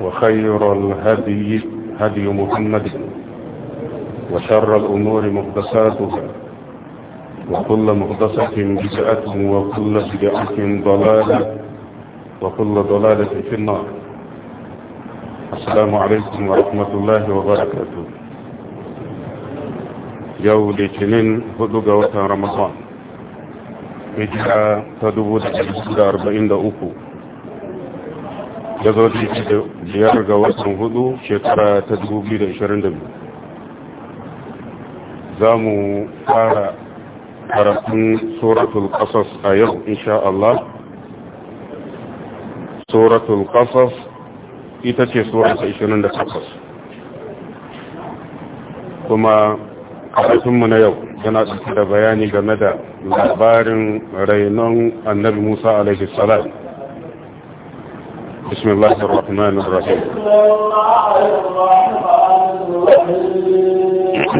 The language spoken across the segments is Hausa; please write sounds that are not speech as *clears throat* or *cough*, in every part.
وخير الهدي هدي محمد وشر الأمور مقدساتها وكل مقدسة بدعة وكل بدعة ضلالة وكل ضلالة في النار السلام عليكم ورحمة الله وبركاته يوم الاثنين هدوء رمضان هجرة تدوب 43 ya zo da biyar ga watan hudu shekara ta 2022 za mu fara karatun suratul kasas a yau insha Allah suratul kasas ita ce surata 28 kuma karatunmu na yau yana ɗauke da bayani game da labarin rainon annabi musa alaihi salam بسم الله الرحمن الرحيم بسم الله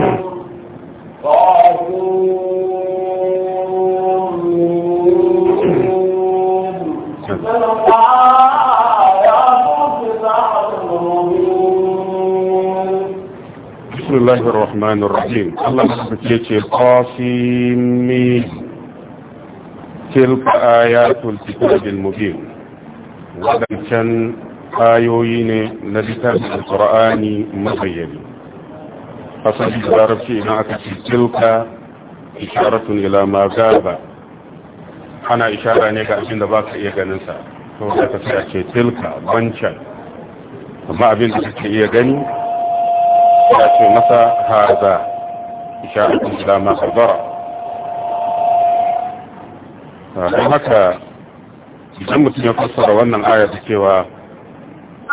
الرحمن الرحيم بسم الله الرحمن الرحيم قاسمين تلك آيات الكتاب المبين waɗancan ayoyi ne na littafin alkur'ani mabayyani asali da larabci idan aka ce tilka isharatun ila ma gaba ana ishara ne ga abin da ba ka iya ganinsa to da ka sai a ce tilka wancan amma abin da kake iya gani ya ce masa haza isharatun ila ma gaba don haka idan mutum ya fassara wannan aya ta cewa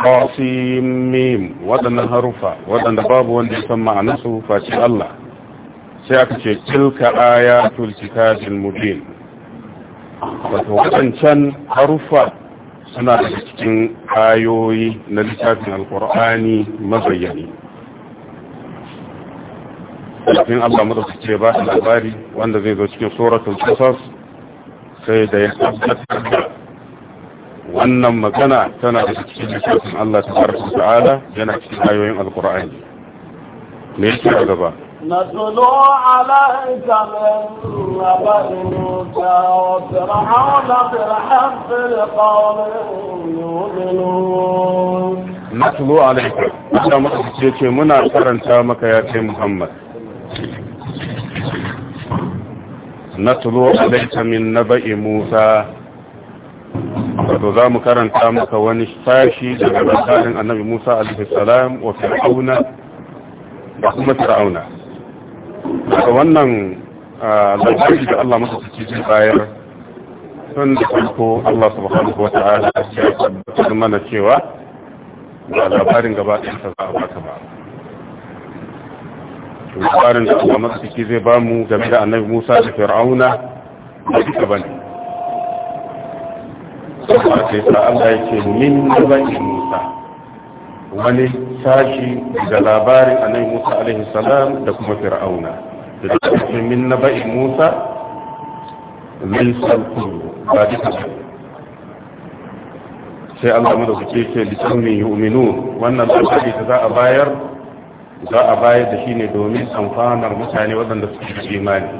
qasimim waɗannan harufa waɗanda babu wanda ya san ma'anarsu face Allah sai aka ce tilka ayatul kitabil mubin wato waɗancan harufa suna daga cikin ayoyi na littafin alkur'ani mabayyani lafin Allah ce ba da labari wanda zai zo cikin suratul qasas sai da ya tabbatar da wannan magana tana da cikin littafin Allah tabaraka ta'ala yana cikin ayoyin alqur'ani me yake a gaba نتلو عليك من نبأ موسى وفرعون بالحق لقوم يؤمنون نتلو عليك Allah maka ce muna karanta maka ya ce Muhammad نتلو عليك من نبأ موسى wato za mu karanta maka wani sashi daga labarin annabi musa alaihissalam wa fir'auna da kuma fir'auna daga wannan labari da allah masa suke ji bayar sun da farko allah subhanahu wa ta'ala a cikin mana cewa ba labarin gaba ɗinsa za a baka ba labarin da allah masa suke zai bamu game da annabi musa da fir'auna da duka bane sai sa Allah ya ce min nabai Musa wani sashi da labarin annabi Musa alaihi salam da kuma Fir'auna da ce min nabai Musa min kullu ba duka sai Allah mu da kuke ce lisanni yu'minun wannan labari da za a bayar za a bayar da shi ne domin amfanar mutane waɗanda suke imani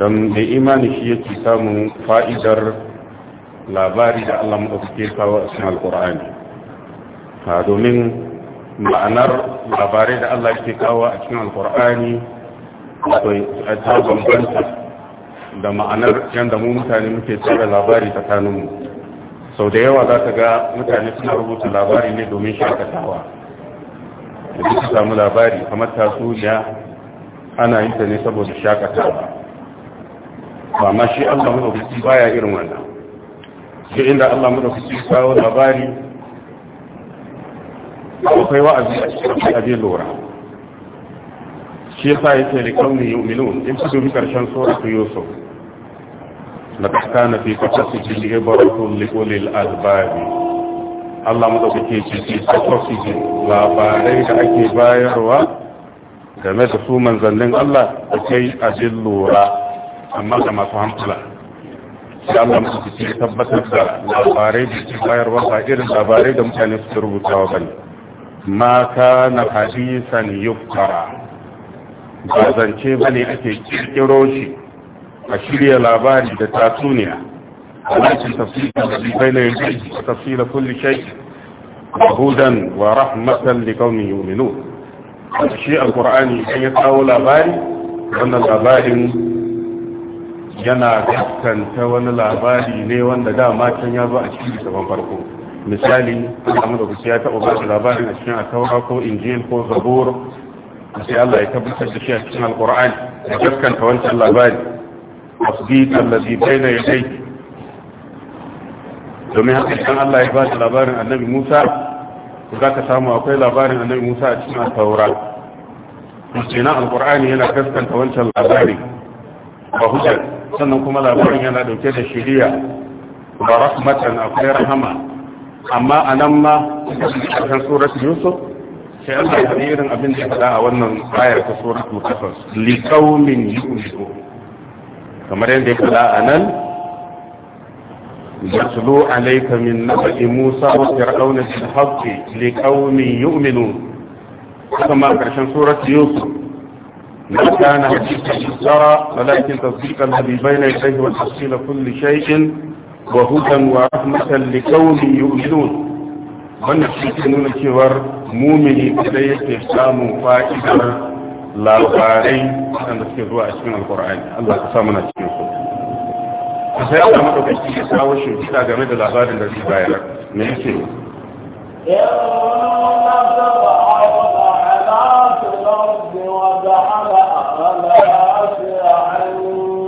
don mai imani shi yake samun fa'idar labari da Allah maɗaukake kawo a cikin alkur'ani fa domin ma'anar labarai da Allah ke kawo a cikin alkur'ani ta bambanta da ma'anar yadda mu mutane muke tsara labari tsakaninmu sau da yawa za ka ga mutane suna rubuta labari ne domin shakatawa da duk samu labari kamar ya ana yi ta ne saboda shakatawa ba ma shi Allah maɗaukake baya irin wannan sai inda Allah mu dauki kawo labari akwai wa'azi a cikin abin lura shi yasa yake da kauni yu'minun in su dubi karshen suratu yusuf laqad kana fi Allah mu dauki ke labarai da ake bayarwa game da su manzannin Allah akwai abin lura amma ga masu hankula da Allah musu ci tabbatar da labarai da ci bayarwa ba irin labarai da mutane su rubutawa ba ne ma kana hadisan yuftara ba zance ba ne ake kirkiro shi a shirya labari da tatsuniya alaƙin tafsirin da bai na yanzu a tafsirin kulli shai hudan wa rahmatan da kaunin yuminu shi alkur'ani idan ya kawo labari wannan labarin yana gaskanta wani labari ne wanda dama can ya zo a cikin littafin farko misali Allah da kusa ya taɓa ba su labarin a cikin atawa ko injil ko zabur sai Allah ya tabbatar da shi a cikin alƙur'ani ya gaskanta wancan labari tasdiq allazi baina yadayhi domin haka idan Allah ya ba da labarin annabi Musa za ka samu akwai labarin annabi Musa a cikin taura kenan alqur'ani yana gaskanta wancan labari ba hujja sannan kuma labarin yana dauke da shiriya ba rahmatan akwai rahama amma a nan ma ƙarshen surat yusuf sai an zaɓi irin abin da faɗa a wannan ayar ta surat mutafas likaumin yu'minu kamar yadda ya faɗa a nan yatlu alayka min naba'i musa wa fir'auna bil haqqi liqaumin yu'minun kuma karshen surat yusuf ما كان جرى ولكن تصديق الذي بين يديه وتفصيل كل شيء وهدى ورحمة لكون يؤمنون من يؤمنون كبر مؤمني بديت إسلام فائدة لا فارين أن تذكروا أسمين القرآن الله تسامنا تشيوه فسيأتى مدوك الشيخ ساوش وشيطا من يسيوه في الأرض وجعل أهلها شيعا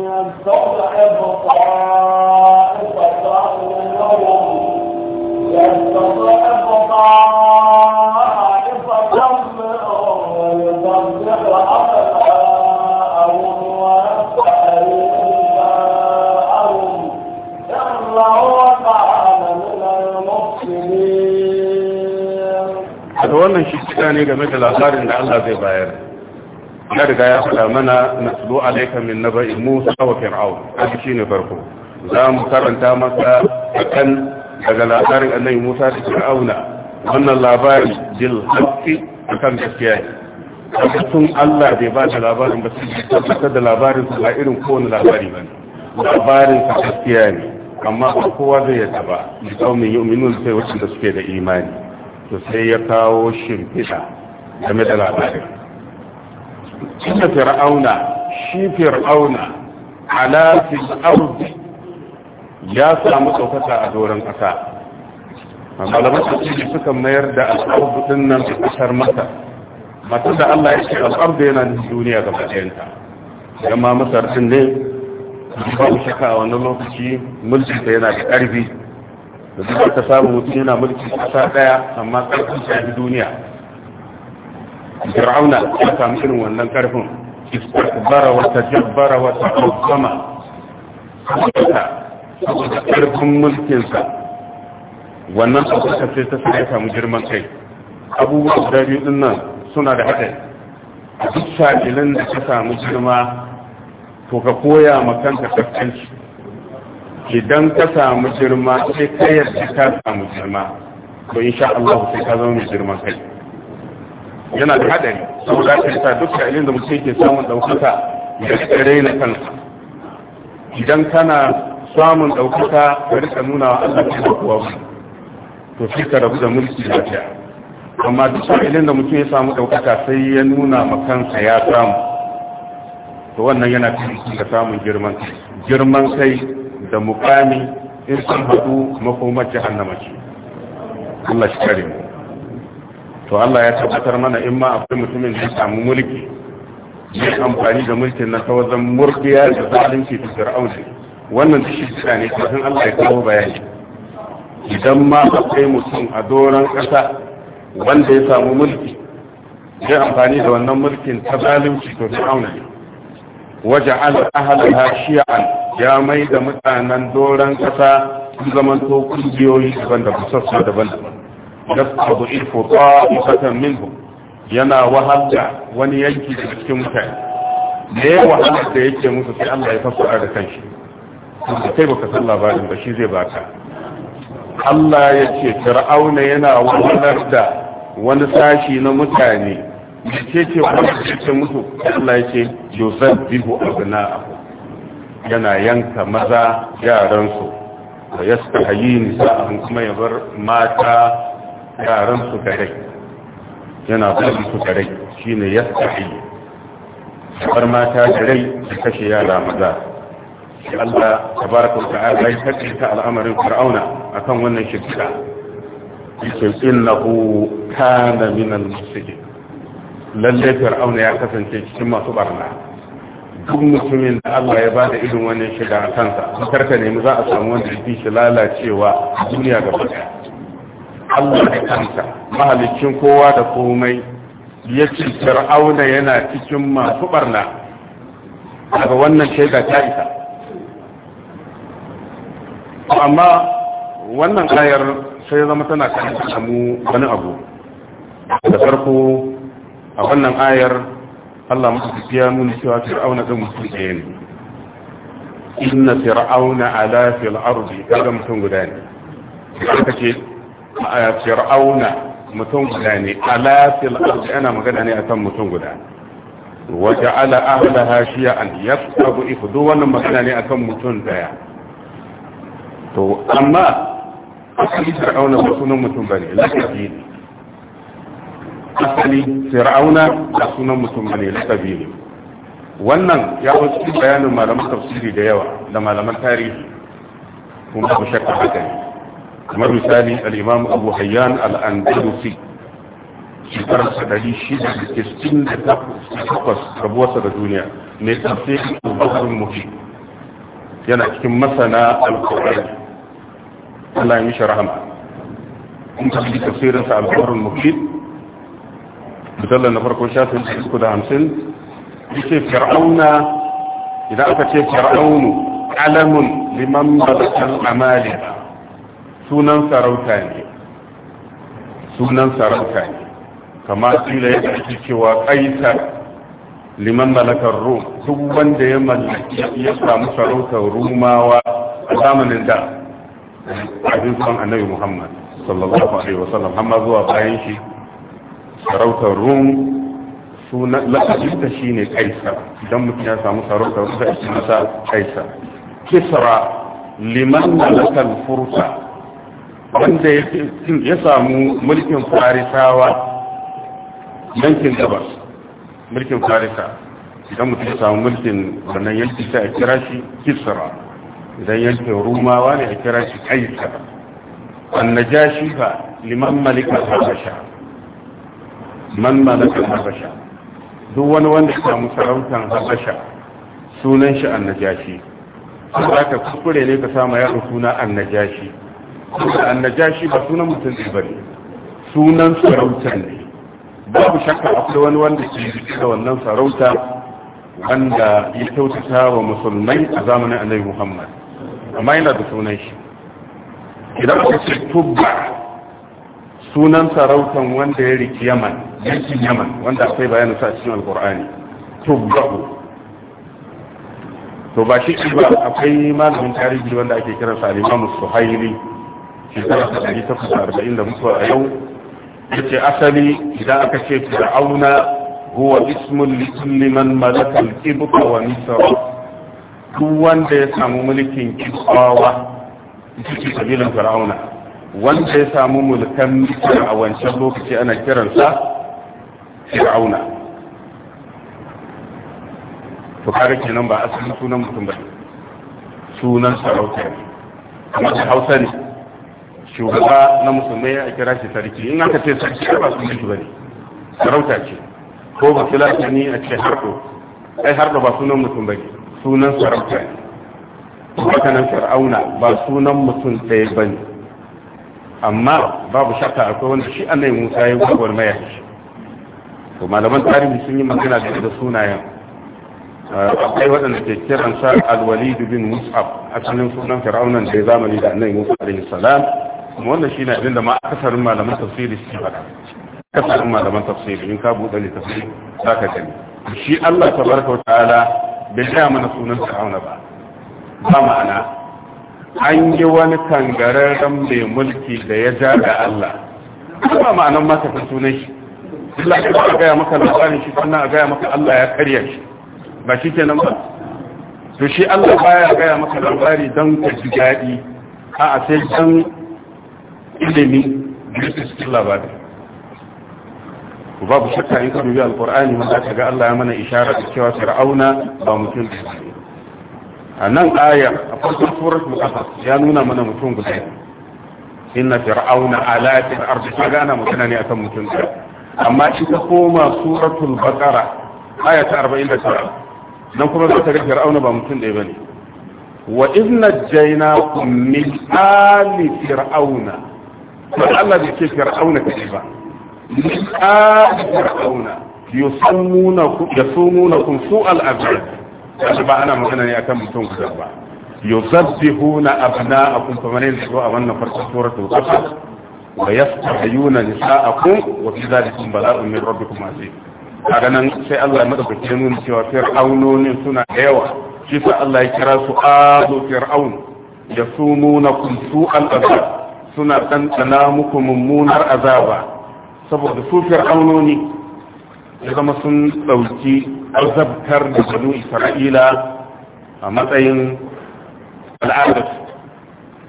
يستضعف طائفة منهم يستضعف wannan shi cika ne game da labarin da Allah zai bayar ya riga ya faɗa mana na naslu alaika min na naba'i Musa wa Fir'aun haka shine farko za mu karanta masa a kan daga labarin annabi Musa da Fir'auna wannan labari bil haqqi akan gaskiya ne sun Allah bai ba da labarin ba sai tabbatar da labarin ba irin kowane labari ba ne labarin ka gaskiya ne amma ba kowa zai yadda ba bi kaumin yu'minun sai wacce da suke da imani to sai ya kawo shimfiɗa game da labarin inda fir'auna shi fir'auna ala ardi ya samu ɗaukata a doron ƙasa malaman tafsiri suka mayar da al'ardu din nan da kasar masa matan da Allah yake ce yana da duniya ga ɗayanta yamma masar din ne ba shaka a wannan lokaci mulkin yana da ƙarfi da duk ka samu mutum yana mulki kasa daya amma karfin shafi duniya fir'auna ya samu irin wannan karfin istakbara wa tajabbara wa ta'azzama saboda karfin mulkinsa wannan tsakasa ce ta sai ya samu girman kai abubuwa guda biyu din nan suna da haɗari a duk sa'ilin da ka samu girma to ka koya ma kafin kaskanci idan ka samu girma sai ka yarda ka samu girma to insha Allah sai ka zama mai girma kai yana da hadari saboda ka sa duka ilin da mutum ke samun daukaka ya tsare na kansa idan kana samun daukaka ka rika nuna wa Allah ka kuwa to sai ka rabu da mulki lafiya amma duk ilin da mutum ya samu daukaka sai ya nuna ma kansa ya samu to wannan yana cikin ka samun girman kai girman kai da mukami in sun haɗu makomar jahannama ce Allah shi kare mu to Allah ya tabbatar mana in ma akwai mutumin da samu mulki ne amfani da mulkin na ta wajen murkiya da zalunci da fir'auni wannan shi tsira ne kafin Allah ya kawo bayani idan ma akwai mutum a doron ƙasa wanda ya samu mulki zai amfani da wannan mulkin ta zalunci to fir'auni Waje waja'al ahlaha shi'an ya mai da mutanen doron kasa sun zaman to kungiyoyi daban-daban sassa daban-daban abu yasqadu ifu ta'ifatan minhum yana wahala wani yanki da cikin mutane ne wahalar da yake musu sai Allah ya fassara da kanshi kuma kai baka san labarin ba shi zai baka Allah ya ce fir'auna yana wahalar da wani sashi na mutane da ke ce wanda ke ce mutu, Allah ya ce Joseph bihu abna yana yanka maza yaransu da ya suka nisa an kuma ya bar mata yaransu da rai yana bari su da rai shine ya hayi bar mata da rai da kashe yara maza shi Allah tabaraka wa ta'ala ya ta al'amarin Fir'auna akan wannan shirka yake innahu kana minal musikin lalle fir'auna ya kasance cikin masu barna duk mutumin da Allah ya bada irin wani shiga a kansa karka nemi za a samu wanda ya fi shi lalacewa duniya ga baka. Allah da kanta mahalicin kowa da komai ya ce fir'auna yana cikin masu barna daga wannan shaida ta isa amma wannan ayar sai zama tana kan samu wani abu da farko a wannan ayar Allah mafi ya nuna cewa fir'auna ɗin mutum ɗaya ne inna fir'auna ala fil ardi kaga mutum guda ne aka ce fir'auna mutum guda ne ala fil ardi ana magana ne a kan mutum guda wa ja'ala ahlaha shi'an yasqabu ifdu wannan magana ne akan mutum daya to amma asalin fir'auna ba sunan mutum bane lakabi ne asali fir'auna da sunan mutum ne lakabi ne wannan ya zo cikin bayanin malaman tafsiri da yawa da malaman tarihi kuma ba shakka haka ne kamar misali al-imam abu hayyan al-andalusi shekarar sadari shida da kistin da takwas rabuwarsa da duniya mai tafsirin ubarin mutum yana cikin masana al-qur'ani Allah ya yi sharhama in tafsirin sa al-qur'an mutum musallar na farko shafin uku da hamsin yake fir'auna idan aka ce fir'aunu alamun liman malakal amali sunan sarauta ne sunan sarauta ne kama kila ya ake cewa kaisar liman malakar rum duk wanda ya mallaki ya samu sarautar rumawa a zamanin da abin son annabi muhammad sallallahu alaihi wasallam har ma zuwa bayan shi sarautar rum lakabinta shi ne kaisar idan mutum ya samu sarautar wata ake masa kaisar kisra liman na lakal furta, wanda ya samu mulkin farisawa yankin gabas mulkin farisa idan mutum ya samu mulkin wannan yankin sai a kira shi kisra idan yankin rumawa ne a kira shi kaisar annajashi fa liman malikar habasha man malakal habasha duk wani wanda ya samu sarautan habasha sunan shi annajashi za ka kuskure ne ka samu yaro suna annajashi saboda annajashi ba sunan mutum ne bane sunan sarautar ne babu shakka akwai wani wanda ke da wannan sarauta wanda ya kyautata wa musulmai a zamanin annabi muhammad amma yana da sunan shi idan aka ce tubba sunan sarautan wanda ya riki yaman yankin yaman wanda akwai bayanin sa cikin alkur'ani to ba shi ba akwai malamin tarihi wanda ake kira sa alimamu suhaili shekara ta ɗari takwas arba'in da mutuwa a yau asali idan aka ce fir'auna huwa ismun wa misra duk wanda ya samu mulkin kibawa ita ce kabilan fir'auna wanda ya samu mulkan misir a wancan lokaci ana kiransa fir'auna to kaga kenan ba asali sunan mutum ba sunan sarauta ne kuma da hausa ne shugaba na musulmai a kira shi sarki in aka ce sarki ba mutu ba bane sarauta ce ko ba filatani a ce harɗo ai harɗo ba sunan mutum bane sunan sarauta ne kuma kanan fir'auna ba sunan mutum ɗaya bane amma babu shakka akwai wanda shi annai musa ya gwagwar maya to malaman tarihi sun yi magana da sunayen eh, akwai waɗanda ke kiran sa alwalid bin mus'ab asalin sunan fir'aunan da ya zamani da annai musa alaihi salam kuma wannan shi na abinda ma akasarin malaman tafsiri su faɗa akasarin malaman tafsiri in ka buɗe littafin za ka gani shi allah tabaraka wa ta'ala bai gaya mana sunan fir'auna ba ba ma'ana an yi wani kangararren mai mulki da ya ja da Allah kuma ma'anar masa ta sunan shi Allah ya ba gaya maka labarin shi sannan a gaya maka Allah ya karya shi ba shi ke nan ba to shi Allah baya gaya maka labari don ka ji daɗi a a sai dan ilimi da su labari babu shakka in ka dubi alqur'ani mun za ka ga Allah ya mana isharar cewa fir'auna ba mutum ne a nan aya a farkon surar muqasas ya nuna mana mutum guda inna fir'auna ala fil ardi gana mutuna ne akan mutum guda amma shi ta koma suratul baqara aya ta 49 dan kuma zaka ga fir'auna ba mutum ɗaya bane wa idna jainakum min ali fir'auna to Allah bai ce fir'auna kai ba min ali fir'auna yusammuna yasumunakum su'al azab kashi ba ana magana ne akan mutum guda ba yuzabbihuna abna'akum kamar yadda ko a wannan farkon suratul qasas wa yastahiyuna nisa'akum wa fi dhalikum bala'un min rabbikum azim kaga nan sai Allah ya madaukake nuna cewa fir'aunonin suna da yawa shi sa Allah ya kira su azu fir'aun yasumunakum su'al azab suna dandana muku mummunar azaba saboda su fir'aunoni ya zama sun dauki azabtar da banu isra'ila a matsayin al'adar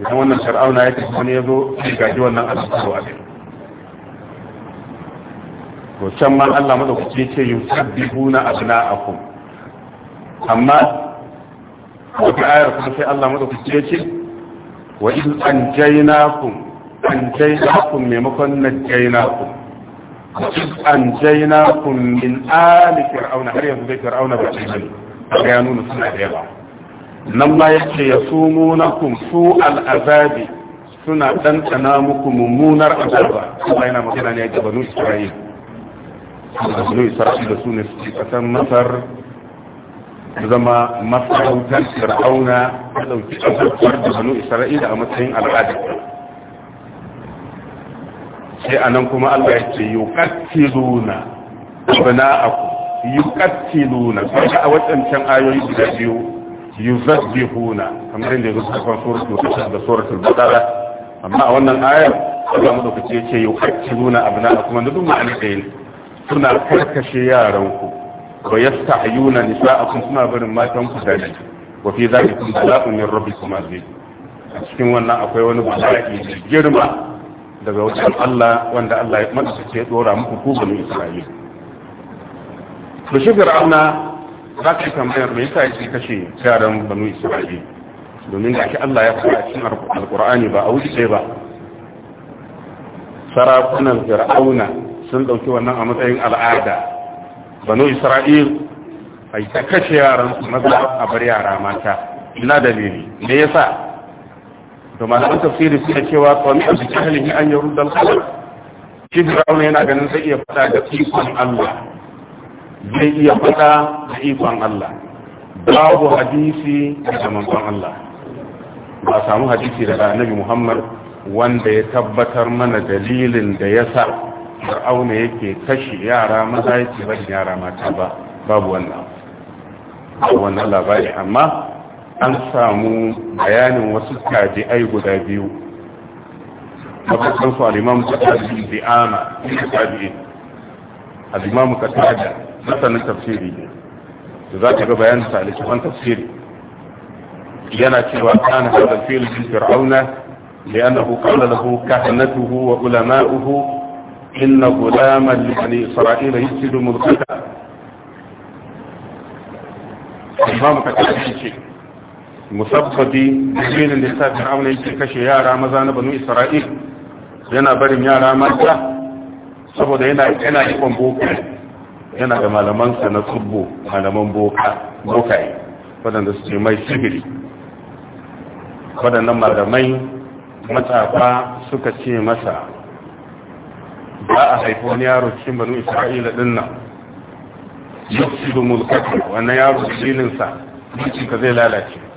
idan wannan shar'auna ya tafi wani ya zo sai gaji wannan azabtarwa din to can ma Allah madaukaki ce a abna'akum amma wata ayar kuma sai Allah madaukaki ya ce wa in an an jaina anjaynakum anjaynakum maimakon na jaina najjaynakum an jaina fir'auna har yanzu dai fir'auna ba ce bane ya nuna suna su al'azabi suna ɗanɗana muku mummunar azaba Allah yana magana ne ga banu Isra'il banu Isra'il da su ne suke kasan zama Fir'auna a matsayin al'ada sai nan kuma Allah ya ce yuqattiluna abna'akum yuqattiluna sai a wadancan ayoyi guda biyu yuzabbihuna kamar inda yake kan suratul da suratul baqara amma a wannan ayar ce Allah madaukake yake yuqattiluna aku da duk ma'anar da yake suna karkashe yaranku wa yastahiyuna nisa'akum suna barin matanku da shi wa fi zalikum bala'un min kuma azim a cikin wannan akwai wani bala'i mai girma daga wajen Allah wanda Allah ya masa ke dora muku ku bani Isra'ila to shi Fir'auna za ka tambayar me yasa yake kashe yaran banu Isra'ila domin gashi Allah ya faɗa cikin Alƙur'ani ba a wuce sai ba sarakunan Fir'auna sun dauki wannan a matsayin al'ada banu Isra'il ai ta kashe yaran maza a bar yara mata ina dalili me yasa to malaman tafsiri suna cewa a cikin halin an yi rudar khalq shi fir'auna yana ganin zai iya fata da ikon Allah zai iya fata da ikon Allah babu hadisi da manzon Allah ba samu hadisi da annabi Muhammad wanda ya tabbatar mana dalilin da ya sa fir'auna yake kashi yara maza yake bari yara mata ba babu wannan wannan labari amma an samu bayanin wasu kaji ai guda biyu haka mafafan su alimamu kasar bi'ama ina tabi'i alimamu kasar da masanin tafsiri ne da za ka ga bayanin sa littafan tafsiri yana cewa kana hadal fil fir'auna لأنه قال له كهنته وعلماؤه إن غلاما لبني إسرائيل يفسد ملكته الإمام كتب شيء musabbabi dalilin da yasa fir'auna yake kashe yara maza na banu isra'il yana barin yara mata saboda yana yana ikon boka yana da malamansa na tsubbo malaman boka bokaye wadanda su ce mai sihiri wadannan malamai matafa suka ce masa ba a haifo wani yaro cikin banu isra'ila din nan yau su da mulkatu wani yaro dalilinsa mulkinka zai lalace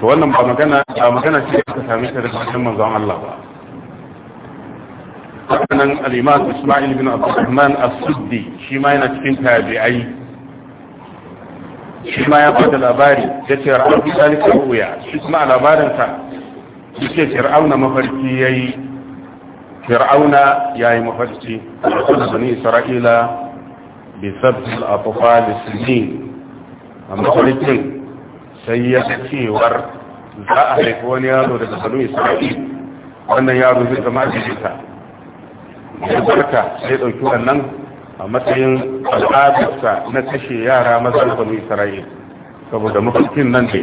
to wannan ba magana ba magana ce da aka same ta daga cikin manzon Allah ba hakanan al-Imam Isma'il bin Abdurrahman As-Suddi shi ma yana cikin tabi'ai shi ma ya bada labari ya ce ra'ayi zalika ruya shi kuma labarin sa ce fir'auna mafarki yayi fir'auna yayi mafarki da bani Isra'ila bi sabt al-atfal as-sinin amma kullum sai ya cewar za a haifi wani yaro daga banu isra'il wannan yaro zai zama jijita ya barka sai dauki wannan a matsayin al'adarsa na kashe yara maza da banu isra'il saboda mafarkin nan ne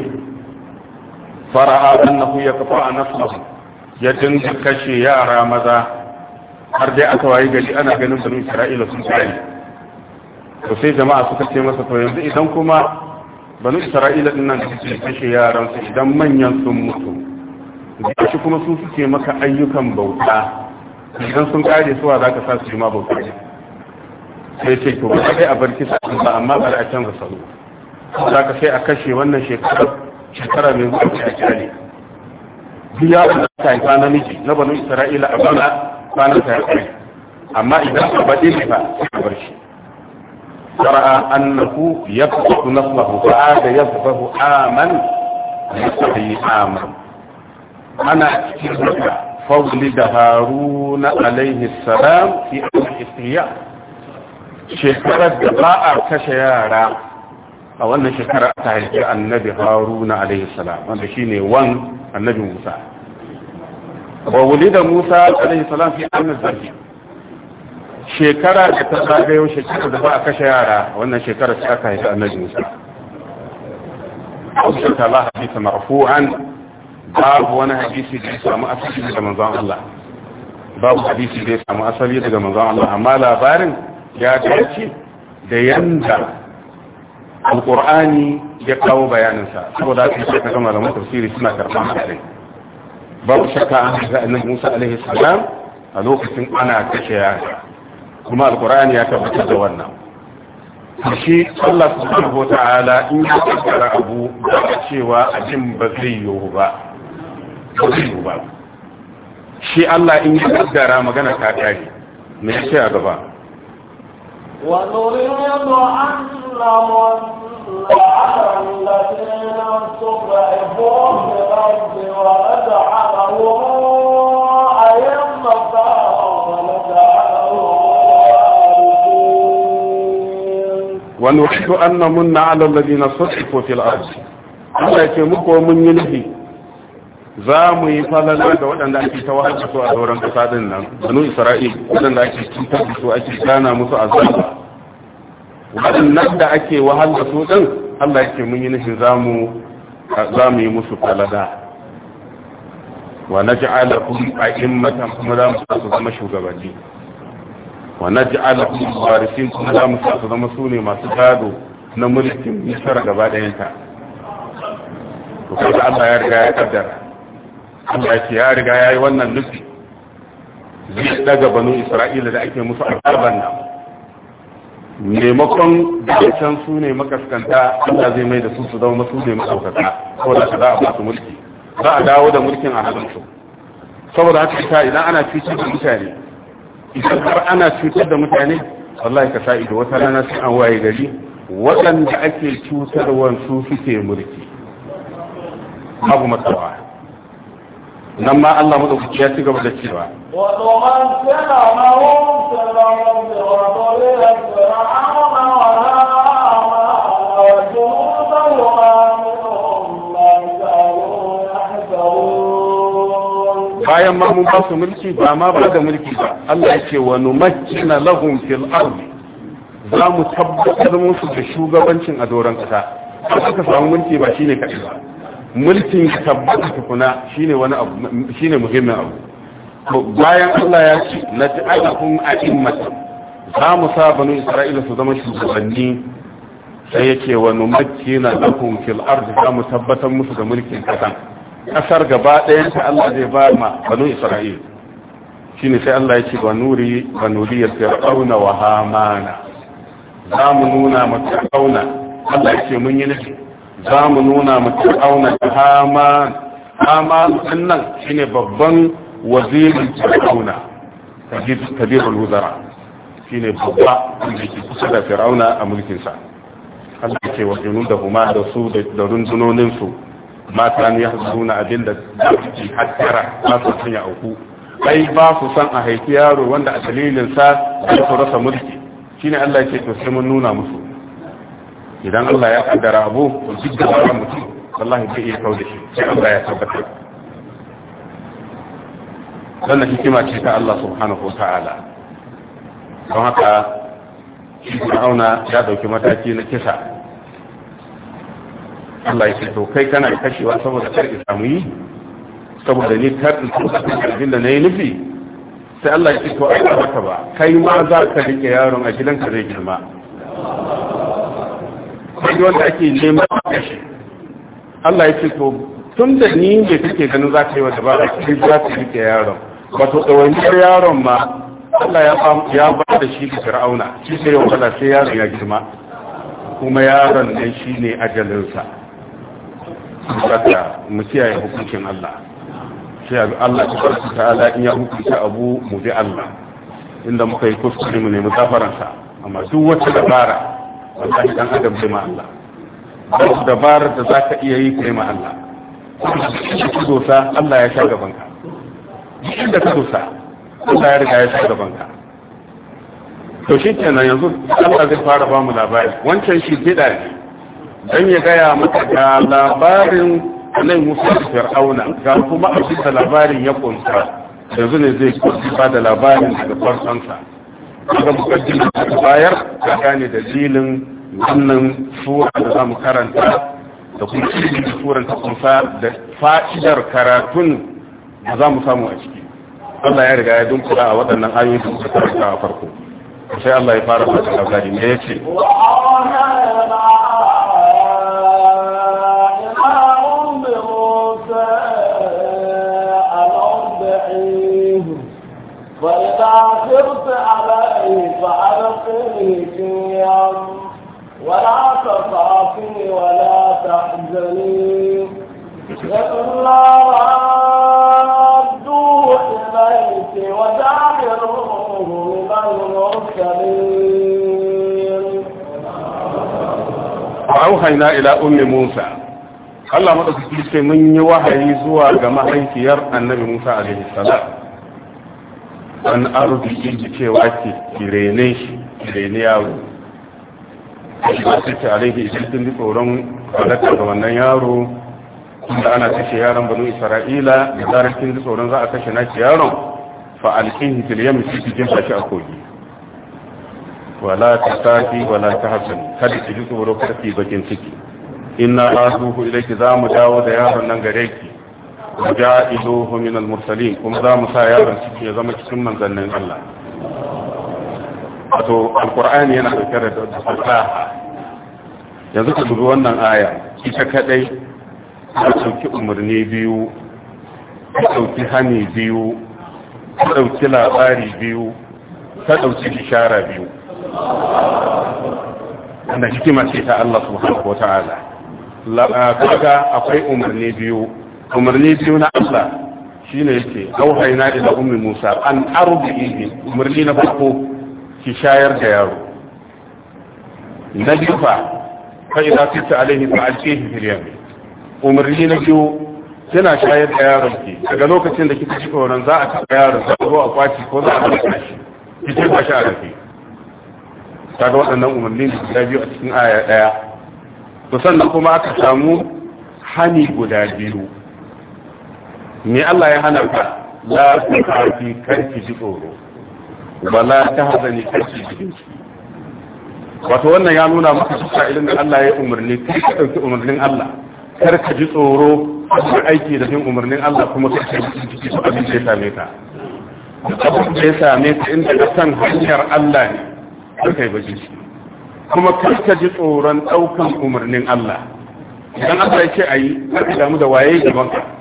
fara'a annahu ya kafa a nasu ya dinga kashe yara maza har dai aka wayi gari ana ganin banu Isra'il sun tsari to sai jama'a suka ce masa to yanzu idan kuma banu isra'ila din nan suke kashe yaransu idan manyan sun mutu da shi kuma su suke maka ayyukan bauta idan sun kare suwa za ka sa su yi ma bauta sai ce to ba kai a bar kisa ba amma ba a canza salo za ka sai a kashe wannan shekarar shekara mai zuwa a kyale biya da ta haifa na miji na banu isra'ila a bana kwana ta yi amma idan ba ɗin ba a bar shi فراى انه يفقد نصله فعاد يصبه امن نصحي امن انا فضل هارون عليه السلام في الاستياء شكرا دقاء كشيارا او ان شكرا تهجي النبي هارون عليه السلام وانا شيني وان النبي موسى وولد موسى عليه السلام في امن الزرجي shekara da ta zagayo shekara da ba a kashe yara wannan shekara su aka haifi annabi Musa Abu Talha hadisi marfu'an babu wani hadisi da ya samu asali daga manzon Allah babu hadisi da ya samu asali daga manzon Allah amma labarin ya dace da yanda alqur'ani ya kawo bayaninsa saboda haka sai ka gama malaman tafsiri suna karɓar hadisi babu shakka an ga annabi Musa alaihi salam a lokacin ana kashe yara kuma alkur'ani ya tabbatar da wannan shi Allah subhanahu wata'ala in ya tsara abu da cewa abin ba zai yiwu ba ba zai yiwu ba shi Allah in ya tsara magana ta kare me yake a gaba wa nuridu an الذين استضعفوا في الأرض ونجعلهم wa nuhidu anna munna ala alladhina sutifu fil ardi Allah ya ce muku mun yi nufi za mu yi falala da waɗanda ake ta wahala su a sauran ƙasa ɗin nan banu isra'il waɗanda ake cutar da su ake gana musu a azaba waɗannan da ake da su din Allah ya ce mun yi nufi za mu yi musu falala wa na naj'alakum a'immatan kuma za mu su zama shugabanni wa naj'alahum warisin kuma za mu sa su zama su ne masu gado na mulkin misra gaba ɗayanta to kaga Allah ya riga ya kaddara Allah ya ce ya riga ya yi wannan nufi zai daga banu Isra'ila da ake musu azaban nan maimakon can su ne makaskanta Allah zai mai da su su zama su ne makaskanta saboda ka za a ba mulki za a dawo da mulkin a hannunsu saboda haka ita idan ana cutar da mutane idan ana cutar da mutane wallahi ka sa ido wata rana an waye gari waɗanda ake cutarwan su suke mulki babu matsawa nan ma Allah madaukaki ya ci gaba da cewa wa bayan ma mun ba su mulki ba ma ba da mulki ba Allah ya ce wa numakkina lahum fil ardi za mu tabbatar musu da shugabancin a doron kasa suka samu mulki ba shine kadai ba mulkin tabbata tukuna shine wani abu shine muhimmin abu bayan Allah ya ce na ta'alakum a'immatan za mu sa banu Isra'ila su zama shugabanni sai yake wa numakkina lahum fil ardi za mu tabbatar musu da mulkin kasa. kasar gaba ɗayan ta Allah zai ba ma banu Isra'il shi ne sai Allah ya ce ba nuri wa nuri fir'auna wa hamana za mu nuna ma fir'auna Allah ya ce mun yi nufi za mu nuna ma fir'auna da haman haman shi ne babban wazirin fir'auna kabirul wuzara ne babba wanda ke kusa da fir'auna a mulkinsa Allah ya ce wa da junudahuma da su da rundunoninsu ma kanu suna abin da suke hattara ba su san ya auku ai ba su san a haifi yaro wanda a dalilin sa ya su rasa mulki shine Allah yake to sai mun nuna musu idan Allah ya kaddara abu to duk da wannan mutum wallahi bai iya kauda shi sai Allah ya tabbata wannan hikima ce ta Allah subhanahu wa ta'ala don haka Fir'auna ya dauki mataki na kisa Allah ya ce to kai kana kashewa saboda kar ki samu yi saboda ni kar in so ka abin da nayi nufi sai Allah ya ce to ai ka ba kai ma za ka rike yaron a gidan ka zai girma kai wanda ake nema kashe Allah ya ce to tun da ni ne kake ganin za ka yi wa dabara kai za ka rike yaron ba wato ɗawainiyar yaron ma Allah ya ba da shi ga fir'auna shi sai ya kala sai yaron ya girma kuma yaron nan shine ajalinsa kada mu kiyaye hukuncin Allah sai Allah ta ala in ya hukunta abu mu bi Allah inda muka yi kuskure mu nemi zafaransa amma duk wata dabara wallahi dan adam bai ma Allah duk dabarar da za ka iya yi kai ma Allah ka dosa Allah ya sha gaban ka inda ka dosa Allah ya riga ya sha gaban ka to shi kenan yanzu Allah zai fara ba mu labari wancan shi bid'a ne don ya gaya mata ga labarin nan musu da fir'auna ga kuma a cikin labarin ya kunsa yanzu ne zai kusa da labarin daga farkonsa ga mukaddim da bayar ga gane dalilin wannan sura da za mu karanta da kuma da suran ta kunsa da fa'idar karatun da za mu samu a ciki Allah ya riga ya dunkula a waɗannan ayoyi da muka karanta a farko sai Allah ya fara fata labari ne ya ce خفت عليه فألقني في يوم ولا تخافي ولا تحزني إلا ردوه إليك وجعلوه من المرسلين وأوحينا إلى أم موسى Allah maɗaukaki ce mun yi wahayi zuwa ga mahaifiyar annabi Musa alaihi salam an arziki da cewa ake kirene shi kirene yaro ba su ce alaihi idan sun ji tsoron halatta ga wannan yaro da ana kashe yaron banu isra'ila da zarar sun ji tsoron za a kashe naki yaron fa alkihi fil yam shi ki shi a kogi wala ta tafi wala ta hasan kada ki ji tsoro kada ki bakin ciki inna asuhu ilayki za mu dawo da yaron nan gare ki وجائزوه من المرسلين sa ذا مسايرا ya zama cikin manzannin Allah wato alqur'ani yana dauke da fasaha yanzu ka dubi wannan aya ita kaɗai ta dauki umarni biyu ta dauki hani biyu ta dauki labari biyu ta dauki bishara biyu wanda hikima ce ta Allah kaga akwai umarni biyu umarni biyu na Allah ne yake na ila ummi Musa an arbihi umarni na farko ki shayar da yaro na biyu fa fa idza fitta alaihi fa alqihi fil yam umarni na biyu kina shayar da yaron ki daga lokacin da kika ci koran za a taɓa yaron ka zo a kwaci ko za a taɓa shi ki ce ba shayar ki kaga waɗannan umarni da biyu a cikin aya daya to sannan kuma aka samu hani guda biyu me Allah ya hana ka la tukafi karki ji tsoro ba la ta hazani karki ji wato wannan ya nuna maka suka idan da Allah ya umarni kai ka ɗauki umarnin Allah kar ka ji tsoro ka aiki da bin umarnin Allah kuma ka ji jiki su abin da ya same ka abin da ya same ka inda ka san hanyar Allah ne kar kai baji kuma kar ka ji tsoron ɗaukan umarnin Allah idan Allah ya ce ayi kar ka damu da waye gaban ka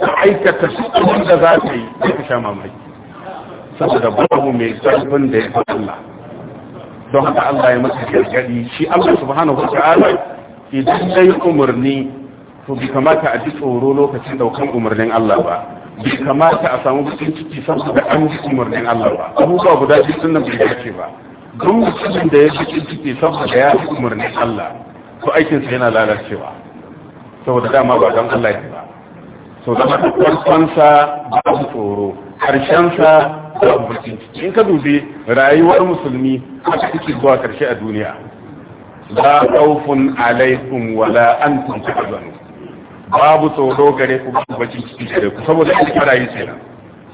ta aikata su wanda za ta yi sai ka sha mamaki saboda babu mai karfin da ya fi Allah don haka Allah ya masa gargadi shi Allah subhanahu wa ta'ala idan ya yi umarni to bi kamata a ji tsoro lokacin daukan umarnin Allah ba bi kamata a samu bikin ciki saboda an yi umarnin Allah ba abubuwa guda biyu sun nan bai dace ba don mutumin da ya bakin ciki saboda ya fi umarnin Allah to aikinsa yana lalacewa saboda dama ba don Allah ya ba so zama da farkonsa babu tsoro karshensa babu mutunci in ka dubi rayuwar musulmi haka take zuwa karshe a duniya la khawfun alaikum wala antum tahzanun babu tsoro gare ku babu bakin ciki gare ku saboda ake kira yi kenan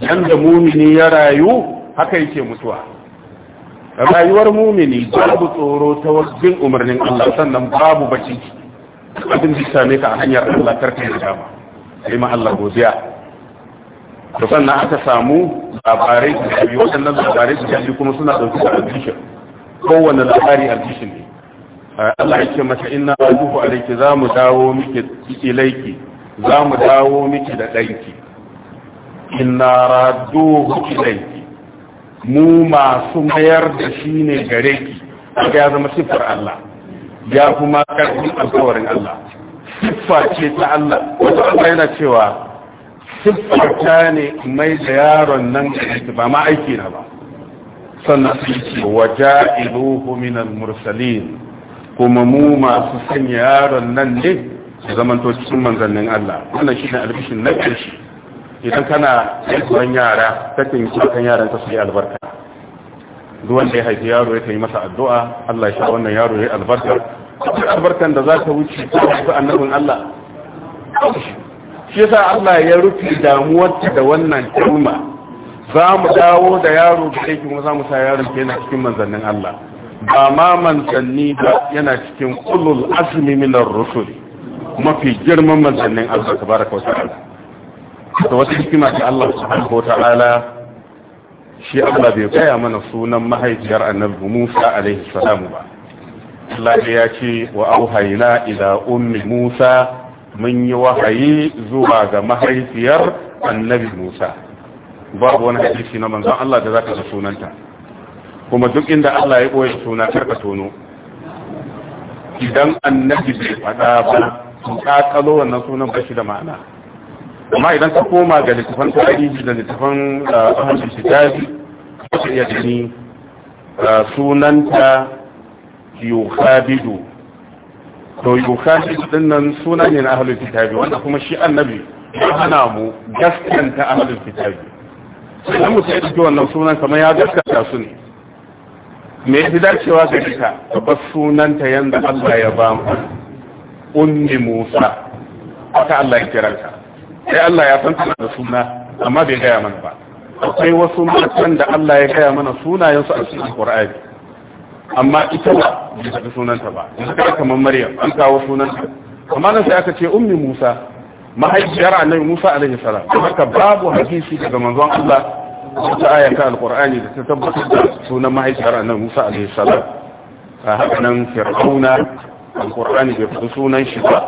yanda mumini ya rayu haka yake mutuwa rayuwar mumini babu tsoro ta wajen umarnin Allah sannan babu bakin abin da ne ka a hanyar Allah karka ya dama a ma Allah godiya to sannan aka samu labarai da biyu waɗannan labarai da shafi kuma suna ɗauki da addishin kowane labari addishin ne Allah ya ce mata inna rajuhu alayki za mu dawo miki ilaiki za mu dawo miki da ɗanki inna raduhu ilaiki mu masu mayar da shi ne gare ki ya zama sifar Allah ya kuma karfin alkawarin Allah siffa ce ta Allah wato Allah yana cewa siffa ta ne mai da yaron nan aiki ba ma aiki na ba sannan sai ce waja iluhu minal mursalin kuma mu masu sanya yaron nan ne da zamanto cikin manzannin Allah wannan shine albishin na ƙarshe idan kana yankuwan yara kakan yi kan yaran ka su yi albarka duk wanda ya haifi yaro ya yi masa addu'a Allah ya sha wannan yaro ya yi albarka akwai albarkan da za ta wuce ta wasu annabin Allah shi sa Allah ya rufe damuwarta da wannan kalma za mu dawo da yaro da yake kuma za mu sa yaron ke yana cikin manzannin Allah ba ma manzanni ba yana cikin ulul azmi ar rusul mafi girman manzannin Allah tabaraka wa ta'ala to wata hikima ta Allah subhanahu wa ta'ala shi Allah bai gaya mana sunan mahaifiyar annabi Musa alaihi salamu ba Allah ya ce wa auhayna ila ummi Musa mun yi wahayi zuwa ga mahaifiyar annabi Musa babu wani hadisi na manzon Allah da zaka ga sunanta kuma duk inda Allah ya boye suna karka tono idan annabi bai faɗa ba ka kalo wannan sunan ba shi da ma'ana amma idan ka koma ga littafan tarihi da littafan ahadin shitabi ka iya gani ah, sunanta yukhadidu to yukhadidu dinnan suna ne na ahlul kitabi wanda kuma shi annabi ya hana mu gaskanta ahlul kitabi sannan mu sai da wannan sunan kamar ya gaskata su ne me yafi dacewa ga kita ka bar sunanta yanda Allah ya ba mu ummi Musa haka Allah ya kira ka sai Allah ya san tana da suna amma bai gaya mana ba akwai wasu matan da Allah ya gaya mana sunayen su a cikin Qur'ani amma ita ba bai saka sunanta ba yanzu kada kamar maryam an kawo sunanta amma nan sai aka ce ummi musa mahaifiyar annabi musa alaihi salam haka babu hadisi daga manzon allah wata aya ta alqur'ani da ta tabbatar da sunan mahaifiyar annabi musa alaihi salam a haka nan fir'auna alqur'ani bai faɗi sunan shi ba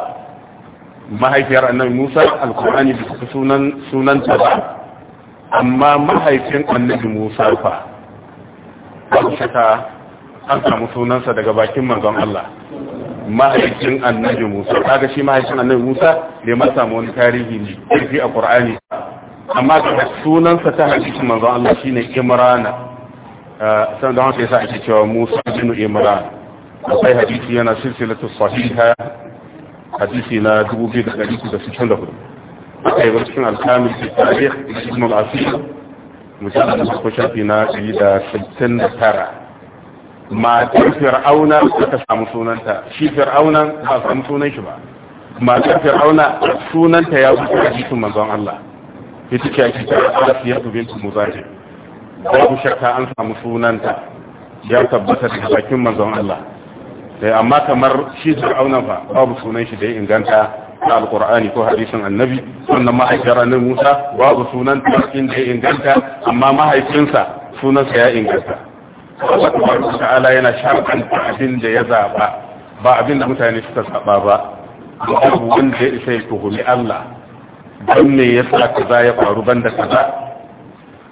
mahaifiyar annabi musa alqur'ani bai faɗi sunan sunanta ba amma mahaifin annabi musa fa ba shaka an samu sunansa daga bakin manzon Allah mahaifin annabi Musa kaga shi mahaifin annabi Musa bai ma samu wani tarihi ne sai a Qur'ani amma ga sunansa ta hadisin manzon Allah shine Imrana eh, san da haka yasa ake cewa Musa bin Imran akwai hadisi yana silsilatu sahiha hadisi na 2664 akai wa cikin al-kamil fi tarikh ibn al-asir mujallad na 69 matar fir'auna ta samu sunanta shi fir'auna ba samu sunan shi ba matar fir'auna sunanta ya zuwa hadisin manzon Allah ita ce ake zuwa Asiya muzaje ba babu shakka an samu sunanta ya tabbata da bakin manzon Allah sai eh, amma kamar shi fir'auna ba babu sunan shi da ya inganta ta alqur'ani ko hadisin annabi sannan mahaifiyar nan Musa babu sunan sunanta inda ya inganta amma mahaifinsa sunansa ya inganta Allah ta'ala yana sharkan abin da ya zaba ba abin da mutane suka saba ba abu wanda ya isa ya tuhumi Allah don me yasa kaza ya faru banda kaza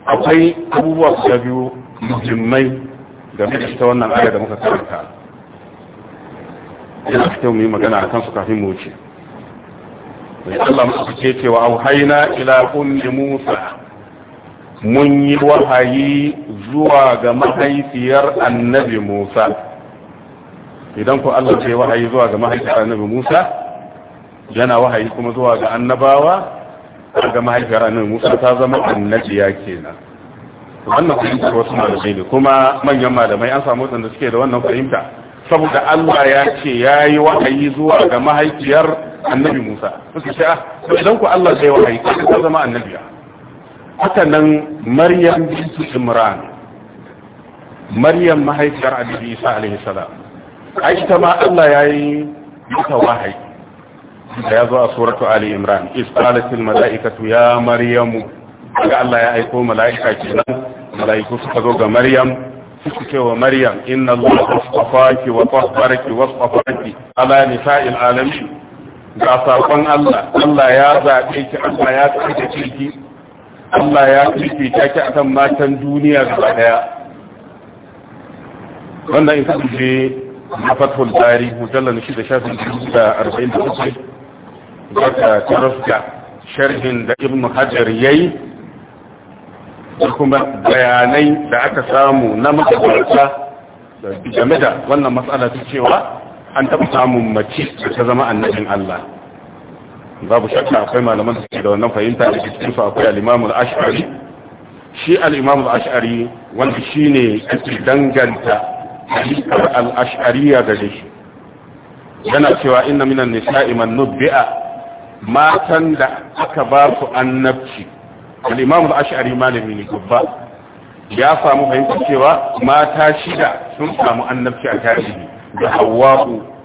akwai abubuwa guda biyu mujimmai da mai wannan aya da muka karanta yana da kyau mu yi magana a kansu kafin mu wuce mai Allah muka ce cewa auhaina ila ummi Musa mun yi wahayi zuwa ga mahaifiyar annabi Musa idan ku Allah ce wahayi zuwa ga mahaifiyar annabi Musa yana wahayi kuma zuwa ga annabawa ga mahaifiyar annabi Musa ta zama annabiya kenan wannan fahimtar wasu malamai ne kuma manyan malamai an samu wadanda suke da wannan fahimta saboda Allah ya ce ya yi wahayi zuwa ga mahaifiyar annabi Musa suka ce ah idan ku Allah zai wahayi ta zama annabiya haka nan maryam bintu imran maryam mahaifiyar annabi isa alaihi salam ai ta ma Allah ya yi maka wahayi da zo a suratu ali imran is qalatil malaikatu ya maryamu ga Allah ya aiko malaika nan. malaiku suka zo ga maryam suka ce wa maryam inna allaha astafaki wa tahharaki wa astafaki ala nisa'il alamin ga sakon Allah Allah ya zaɓe ki Allah ya tsare ki Allah ya fifita ki akan matan duniya gaba daya wannan in kuka je na fathul bari mujallal shi da shafin da arba'in da uku ta tarafka sharhin da ibnu hajar yayi da kuma bayanai da aka samu na makabarta game da wannan matsala ta cewa an taɓa samun mace da ta zama annabin Allah babu shakka akwai malaman da suke da wannan fahimta da cikin su akwai al-Imam shi al-Imam wanda shi ne shine ake danganta hadithar al-Ash'ariya da shi yana cewa inna minan nisa'i man nubbi'a matan da aka ba su annabci al-Imam malami ne babba ya samu fahimta cewa mata shida sun samu annabci a tarihi da Hawwa'u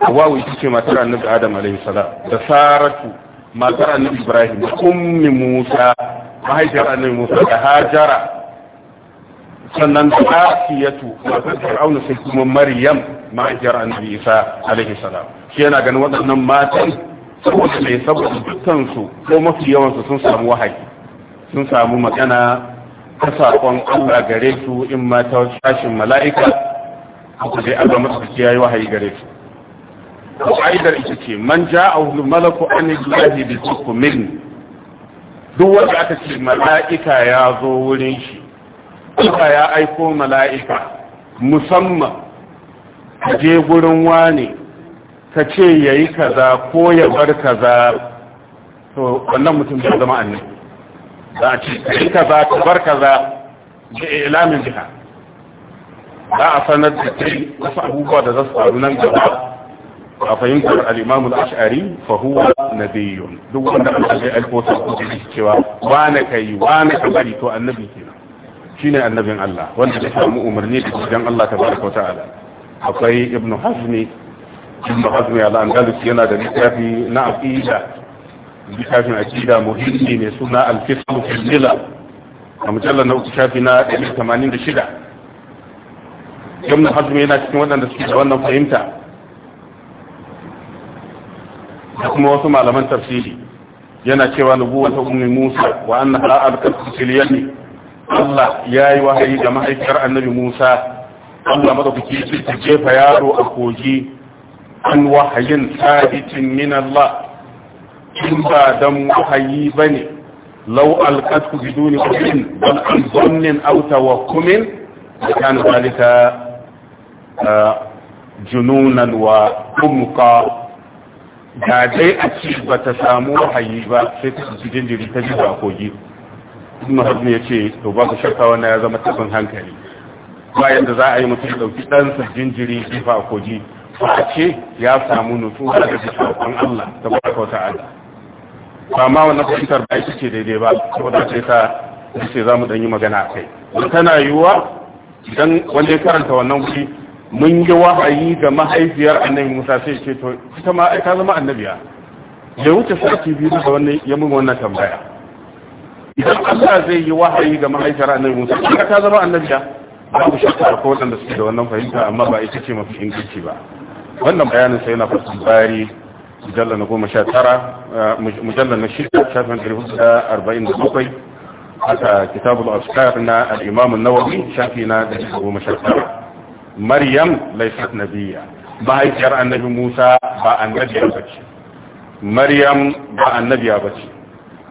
hawawu ita ce matar annabi adam alaihi sala da saratu matar annabi ibrahim da ummi musa mahaifiyar annabi musa da hajara sannan da asiyatu matar fir'auna sai kuma maryam mahaifiyar annabi isa alaihi sala shi yana ganin waɗannan matan saboda mai saboda dukkan su ko mafi yawan su sun samu wahayi sun samu magana ta saƙon Allah gare su in ma ta sashin mala'ika ko dai Allah masu kiyaye wahayi gare su ƙa'idar ita ce man wani malaku an ilahi bi min. duk wanda aka ce mala'ika ya zo wurin shi kuma ya aiko mala'ika musamman ka je gurin wani ka ce yayi kaza ko ya bar kaza to wannan mutum bai zama annabi za a ce yi kaza ka bar kaza da ilamin jiha za a sanar da kai wasu abubuwa da za su faru nan gaba a fahimtar al'imamul ash'ari fa huwa nabiyun duk wanda Allah ya alfota ku cewa na kai wani ka bari to annabi kenan shine annabin Allah wanda ya samu umarni da dan Allah tabaraka ta'ala akwai ibn hazmi ibn hazmi ala andalus yana da littafi na aqida littafin aqida muhimmi ne suna al-fiqh fil milal a mujallar na uku shafi na 186 ibn hazmi yana cikin waɗanda suke da wannan fahimta da kuma wasu malaman tafsiri yana cewa nubuwa ta ummi Musa wa annaha la'al kalfiliyani Allah ya yi wahayi ga mahaifiyar annabi Musa Allah madaukaki ce ta jefa yaro a kogi an wahayin sabitin min Allah in ba dan wahayi bane law alqatku biduni qulin bal an dhannin aw tawakkumin kan zalika jununan wa kumqa da dai a ci ba ta samu wahayi ba sai ta su jinjiri ta ba kogi ibn ya ce to ba ku shakka wannan ya zama tafin hankali ba yadda za a yi mutum ya dauki ɗansa jinjiri jifa a kogi ba ce ya samu nutsuwa da jikin Allah ta baraka wata ala. ba ma wannan fahimtar ba ita ce daidai ba da ce ta ce za mu ɗan yi magana a kai tana yiwuwa idan wanda ya karanta wannan wuri mun yi wahayi ga mahaifiyar annabi musa sai ce to ita ma ta zama annabiya da wuce sati biyu da wannan ya mun wannan tambaya idan Allah zai yi wahayi ga mahaifiyar annabi musa ita ta zama annabiya babu shakka ko wanda suke da wannan fahimta amma ba ita ce mafi inganci ba wannan bayanin sai na fasin bari mujalla na goma sha tara mujalla na shida shafin ɗari hudu da arba'in da bakwai haka kitabul askar na al'imamun nawawi shafi na ɗari goma sha tara maryam laysat nabiyya mahaifiyar annabi musa ba annabiya ba ce maryam ba annabiya ba ce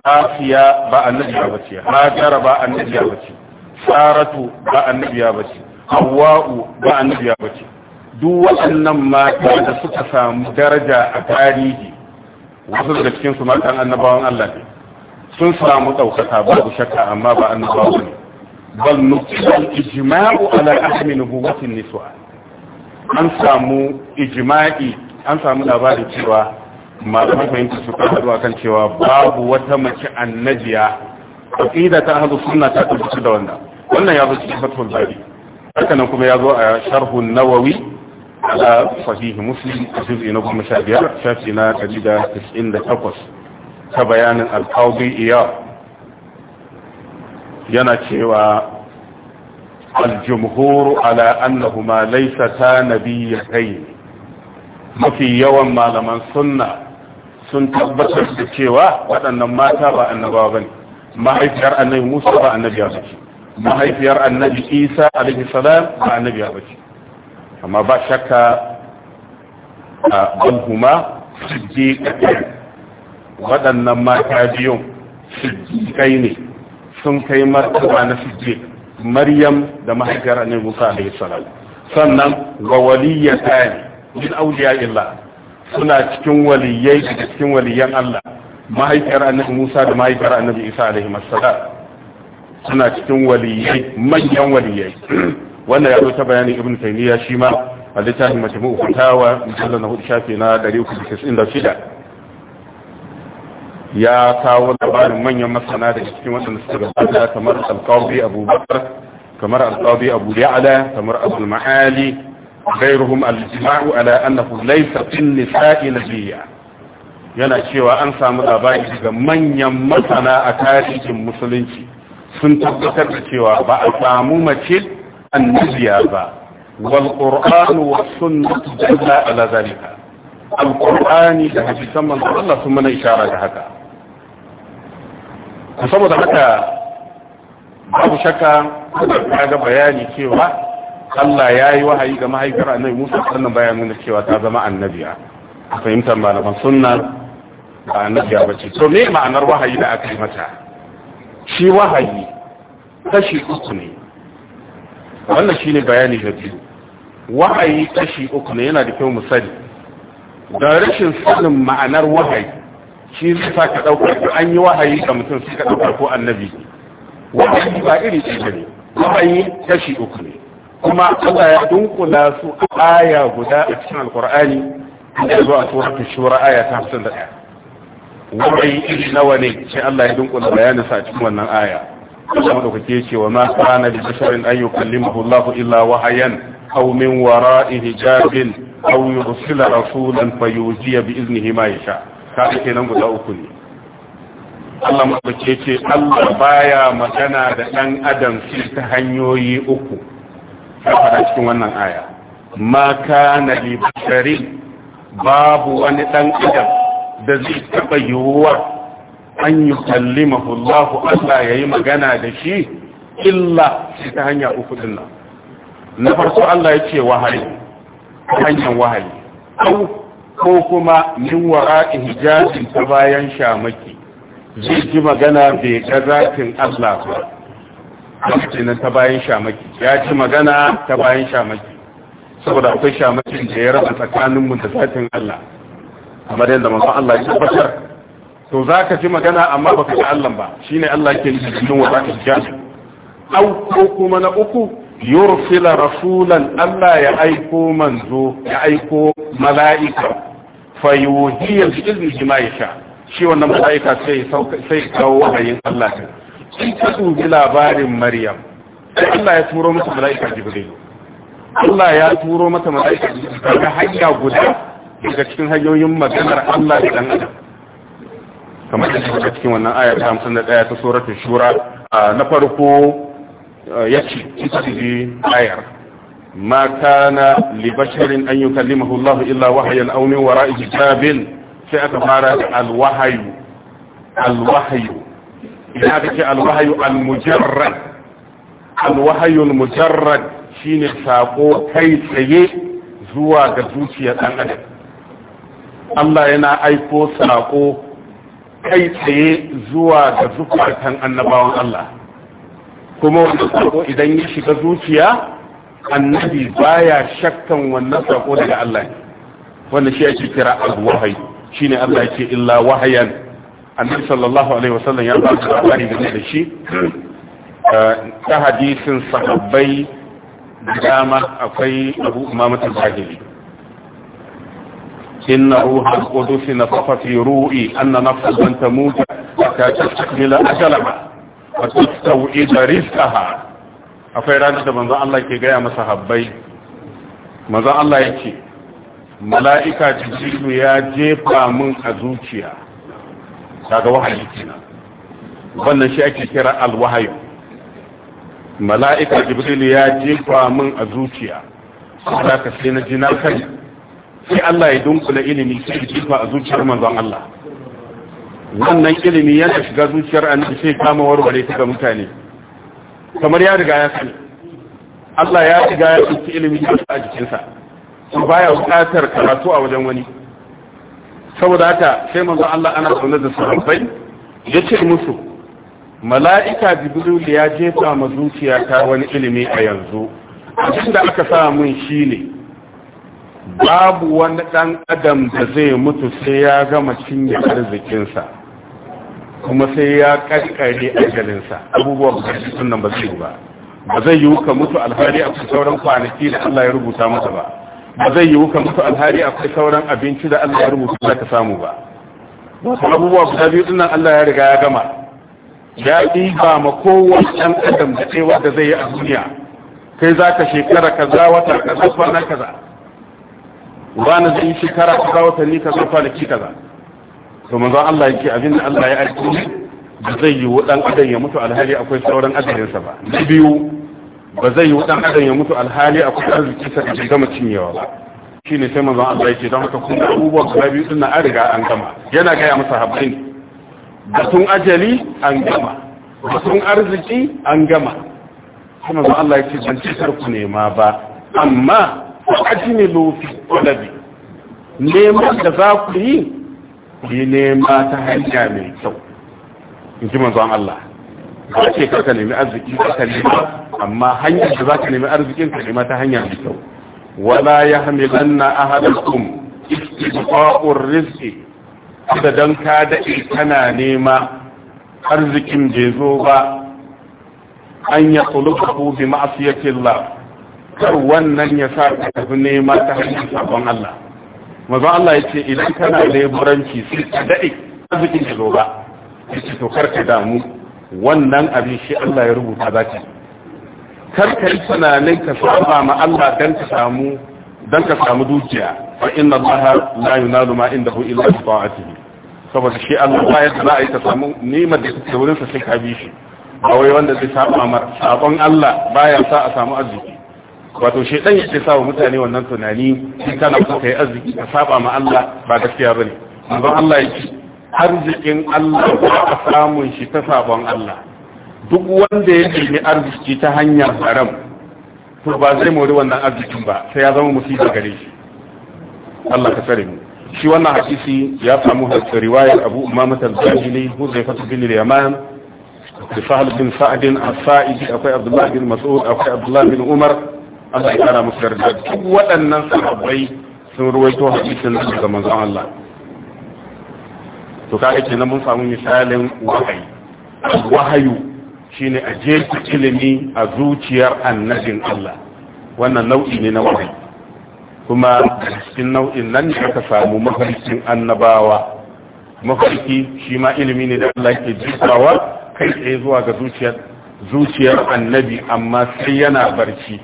asiya ba annabiya ba ce hajara ba annabiya ba ce saratu ba annabiya ba ce hawa'u ba annabiya ba ce duk waɗannan mata da suka samu daraja a tarihi wasu daga cikinsu matan annabawan allah ne sun samu ɗaukaka babu shakka amma ba annabawa ne bal nukal ijma'u ala ahmi nubuwatin niswa an samu ijma'i an samu labarin cewa malaman fahimta su kan haɗu akan cewa babu wata mace annabiya aqida ta ahlus sunna ta tabbatar da wannan wannan ya zo cikin fatul kuma ya zo a sharhu nawawi على صحيح مسلم جزء نظم شابير شافي تجد تسعين لتقص كبيان القاضي إياه yana cewa aljumhuru ala annahuma laysata nabiyyatain mafi yawan malaman sunna sun tabbatar da cewa waɗannan mata ba annabawa bane mahaifiyar annabi Musa ba annabiya bace mahaifiyar annabi Isa alaihi salam ba annabiya bace amma ba shakka a banhuma siddiqai waɗannan mata biyun siddiqai ne sun kai martaba na sijje maryam da mahaifiyar annabi musa alaihi salam sannan wa waliyata ne min auliya illa suna cikin waliyai daga cikin waliyan Allah mahaifiyar annabi Musa da mahaifiyar annabi Isa alaihi masallam suna cikin waliyai manyan waliyai *clears throat* wannan ya zo ta bayani ibn taymiya shi ma a littafin majmu'u fatawa mujallal na hudu shafi na 396 يا كاو دبار من يوم مسنا دشكي وانا كمر القاضي ابو بكر كمر القاضي ابو يعلى كمر ابو المعالي غيرهم الاجماع على انه ليس في النساء نبيا يلا شيوا ان سامو دباي دغ من يوم مسنا اتاريخ المسلمين sun tabbatar da cewa ba a samu mace annabiya ba wal qur'an wa sunnah dalla ala zalika al qur'ani da bi samman Allah kuma na isharar da haka Ku saboda haka babu shakka ya ga bayani cewa Allah ya yi wahayi ga mahaifiyar annabi Musa sannan bayanin da cewa ta zama annabiya a fahimtar malaman sunna ba annabiya ba ce to me ma'anar wahayi da aka yi mata shi wahayi kashi uku ne wannan shine bayani da biyu wahayi kashi uku ne yana da kyau misali. da rashin sanin ma'anar wahayi shi zai sa ka ɗauka ko an yi wahayi ga mutum suka ɗauka ko annabi wahayi ba iri ɗaya ne wahayi kashi uku ne kuma Allah ya dunkula su aya guda a cikin alkur'ani da zuwa suratu shura aya ta hamsin da ɗaya. wahayi iri nawa ne sai Allah ya dunkula bayanin sa a cikin wannan aya kuma da kuke cewa ma kana bi basharin an yukallimuhu Allah illa wahayan aw min wara'i hijabin aw yursila rasulan fayujiya bi iznihi ma yasha' kaga kenan guda uku ne Allah mabace ce Allah baya magana da ɗan adam shi ta hanyoyi uku ta cikin wannan aya ma kana li bashari babu wani ɗan adam da zai taɓa yiwuwa an yi kallimahu Allah Allah ya yi magana da shi illa shi ta hanya uku din nan na farko Allah ya ce wahayi hanyar wahayi ko kuma min wara'i hijabin ta bayan shamaki zai ji magana bai ga zafin Allah ba a ta bayan shamaki ya ci magana ta bayan shamaki saboda akwai shamakin da ya raba tsakaninmu da zatin Allah kamar yadda manzo Allah ya tabbatar to za ka ji magana amma baka ga Allah ba shine Allah ke yi wa zaka ji au ko kuma na uku yursila rasulan Allah ya aiko manzo ya aiko mala'ika fayuhiyar izini jima ya sha shi wannan mala'ika sai kawo wahayin Allah ta in ka dubi labarin Maryam sai Allah ya turo mata mala'ika Jibril Allah ya turo mata mala'ika Jibril daga hanya guda daga cikin hanyoyin maganar Allah da dan adam kamar da cikin wannan aya ta 51 ta suratul shura na farko ya ci ce ayar ma kana li basharin an yukallimahu Allah illa wahyan aunin min wara'i sai aka fara alwahayu alwahayu idan aka alwahayu almujarrad alwahayu almujarrad shine sako kai tsaye zuwa ga zuciyar dan adam Allah yana aiko sako kai tsaye zuwa ga zukatan annabawan Allah kuma wanda sako idan ya shiga zuciya annabi baya shakkan wannan sako daga Allah wannan shi ake kira al-wahyi shine Allah yake illa wahayan annabi sallallahu alaihi wasallam ya ba da labari da shi eh, ta hadisin sahabbai dama akwai abu umama al-bahili wa tastawi da rizqaha akwai ranar da manzon Allah ke gaya masa habbai manzon Allah ya ce. mala'ika jibrilu ya jefa mun a zuciya daga wahayi kenan wannan shi ake kira alwahayi mala'ika jibrilu ya jefa mun a zuciya saboda ka sai na ji na kai sai Allah ya dunkula ilimi sai jefa a zuciyar manzon Allah wannan ilimi yana shiga zuciyar annabi sai kama warware ta ga mutane kamar ya riga ya sani Allah ya riga ya tsinci ilimi a jikinsa su baya bukatar karatu a wajen wani saboda haka sai manzo Allah ana zaune da sahabbai ya ce musu mala'ika jibril ya jefa ma zuciyata wani ilimi a yanzu abin da aka sa mun shine babu wani dan adam da zai mutu sai ya gama cinye arzikinsa kuma sai ya karkare ajalinsa abubuwan kashi sunan ba zai ba ba zai yi wuka mutu alhari a sauran kwanaki da Allah ya rubuta masa ba ba zai yi wuka mutu alhari a sauran abinci da Allah ya rubuta za ka samu ba wasu abubuwa guda biyu dinnan Allah ya riga ya gama ya ba ma kowane ɗan adam da ɗaya da zai yi a duniya kai za ka shekara ka za wata kaza kwana kaza wani zai yi shekara ka za watanni kaza kwanaki kaza to manzo Allah yake abin da Allah ya aiki ba zai yi dan adam ya mutu alhali akwai sauran ajalin sa ba na biyu ba zai yi dan adam ya mutu alhali akwai arziki sa da gama cinyewa ba shine sai manzo Allah yake don haka kun abubuwa da biyu din na an riga an gama yana ga ya masa habbin tun ajali an gama da tun arziki an gama kuma zan Allah yake ban sarku ku nema ba amma ku ajini lufi talabi neman da za ku yi yi nema ta hanya mai kyau in ji manzon Allah ba ce ka nemi arziki ka nema amma hanyar da za ka nemi arzikin ka nema ta hanya mai kyau wala ya hamilanna ahadakum istiqa'ur rizqi da dan ka daɗe kana nema arzikin bai zo ba an ya tsulubu bi ma'asiyatillah kar wannan ya sa ka tafi nema ta hanyar sabon Allah maza Allah ya ce idan kana leburanci sai ka daɗe arzikin ya zo ba ya ce to karka damu wannan abin shi Allah ya rubuta za ka karka yi tunanin ka saba ma Allah dan ka samu dan ka samu dukiya fa inna Allah la yunalu ma indahu illa bi ta'atihi saboda shi Allah ba ya za a yi ka samu nimar da take wurin sa sai ka bi shi ba wai wanda zai saba ma sabon Allah baya sa a samu arziki wato shedan yake sa mutane wannan tunani in kana so kai arziki ka saba ma Allah ba gaskiya bane manzon Allah yake arzikin Allah ba a samun shi ta sabon Allah duk wanda ya nemi arziki ta hanyar haram to ba zai mori wannan arzikin ba sai ya zama musiba gare shi Allah ka tsare mu shi wannan hadisi ya samu riwayar Abu Umama al-Bajili Huzaifah bin Yaman da Sahl bin Sa'd al-Sa'idi akwai Abdullah bin Mas'ud akwai Abdullah bin Umar Allah ya kara musu yarda duk waɗannan sahabbai sun ruwaito hadisin nan daga manzon Allah to kaga kenan mun samu misalin wahayi wahayu shine a jefa ilimi a zuciyar annabin Allah wannan nau'i ne na wahayi kuma cikin nau'in nan ne aka samu mafarkin annabawa mafarki shi ma ilimi ne da Allah yake jikawa kai tsaye zuwa ga zuciyar zuciyar annabi amma sai yana barci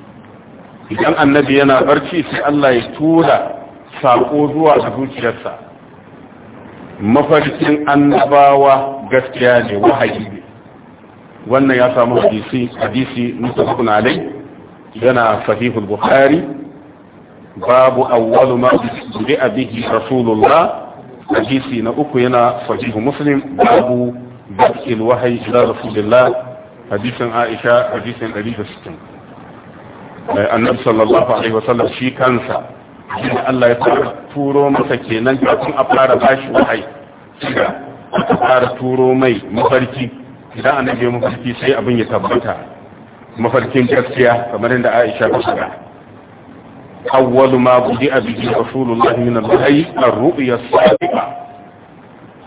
idan annabi yana barci sai Allah ya tura saƙo zuwa a zuciyarsa mafarkin annabawa gaskiya ne wahayi ne wannan ya samu hadisi hadisi mutafakun yana sahihul bukhari babu awwalu ma bi'a bihi rasulullah hadisi na uku yana sahihu muslim babu bakil wahayi ila rasulillah hadisin aisha hadisin 160 Eh, annabi sallallahu alaihi wasallam shi kansa da Allah ya fara turo masa kenan kafin a fara bashi wahayi shiga aka fara turo mai mafarki idan mafarki sai abin ya tabbata mafarkin gaskiya kamar Aisha ta awwalu ma budi'a bihi rasulullahi min al-wahyi ar-ru'ya as-sadiqa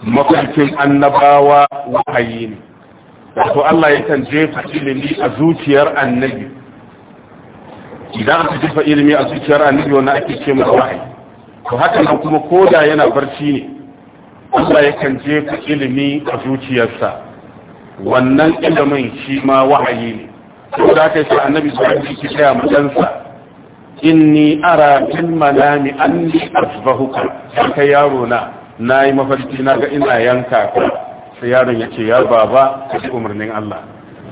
mafarkin annabawa wahayi ne wato Allah yakan jefa ilimi a zuciyar annabi idan aka jifa ilimi a zuciyar annabi wannan ake ce masa wahayi to haka nan kuma koda yana barci ne Allah ya yakan jefa ilimi a zuciyarsa wannan ilimin shi ma wahayi ne da haka sai annabi sallallahu alaihi wasallam ya madansa inni ara fil manami anni asbahuka haka yaro na nayi mafarki na ga ina yanka ka sai yaron yace ya baba ka umarnin Allah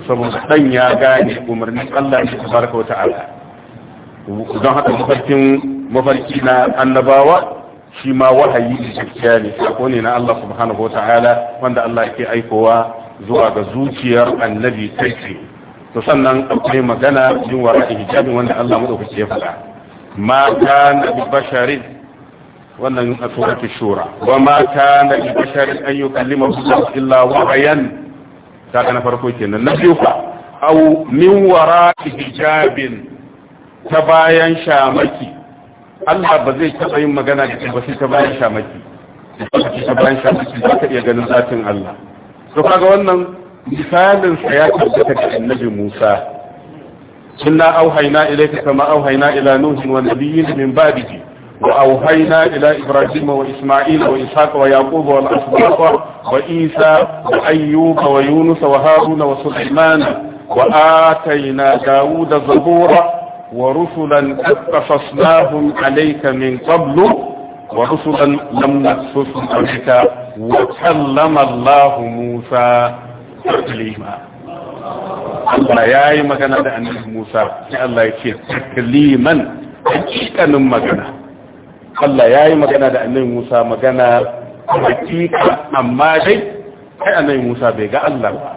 saboda dan ya gane umarnin Allah ne tabaraka wa ta'ala don haka mafarkin mafarki na annabawa shi ma wahayi gaskiya ne sako ne na Allah subhanahu wataala wanda Allah yake aikowa zuwa ga zuciyar annabi kai to sannan akwai magana yin wara'i hijabi wanda Allah madaukaki ya faɗa ma kana bi basharin wannan a suratul shura wa ma kana bi basharin an yukallima illa wahayan kaga na farko kenan na biyu fa aw min wara'i hijabin ta bayan shamaki Allah ba zai taɓa yin magana da ba ta bayan shamaki ta bayan shamaki ba ka iya ganin zatin Allah to kaga wannan misalin sa ya tabbata ga annabi Musa inna auhayna ilayka kama auhayna ila nuhin wa nabiyyin min ba'dihi وأوحينا إلى إبراهيم وإسماعيل وإسحاق ويعقوب والأسباط وإيسى وأيوب ويونس وهارون وسليمان وآتينا داود زبورا ورسلا قد قصصناهم عليك من قبل ورسلا لم نقصصهم عليك وكلم الله موسى تكليما Allah ya yi magana da annabi Musa sai Allah ya ce takliman hakikanin magana Allah ya yi magana da annabi Musa magana hakika amma kai annabi Musa bai ga Allah ba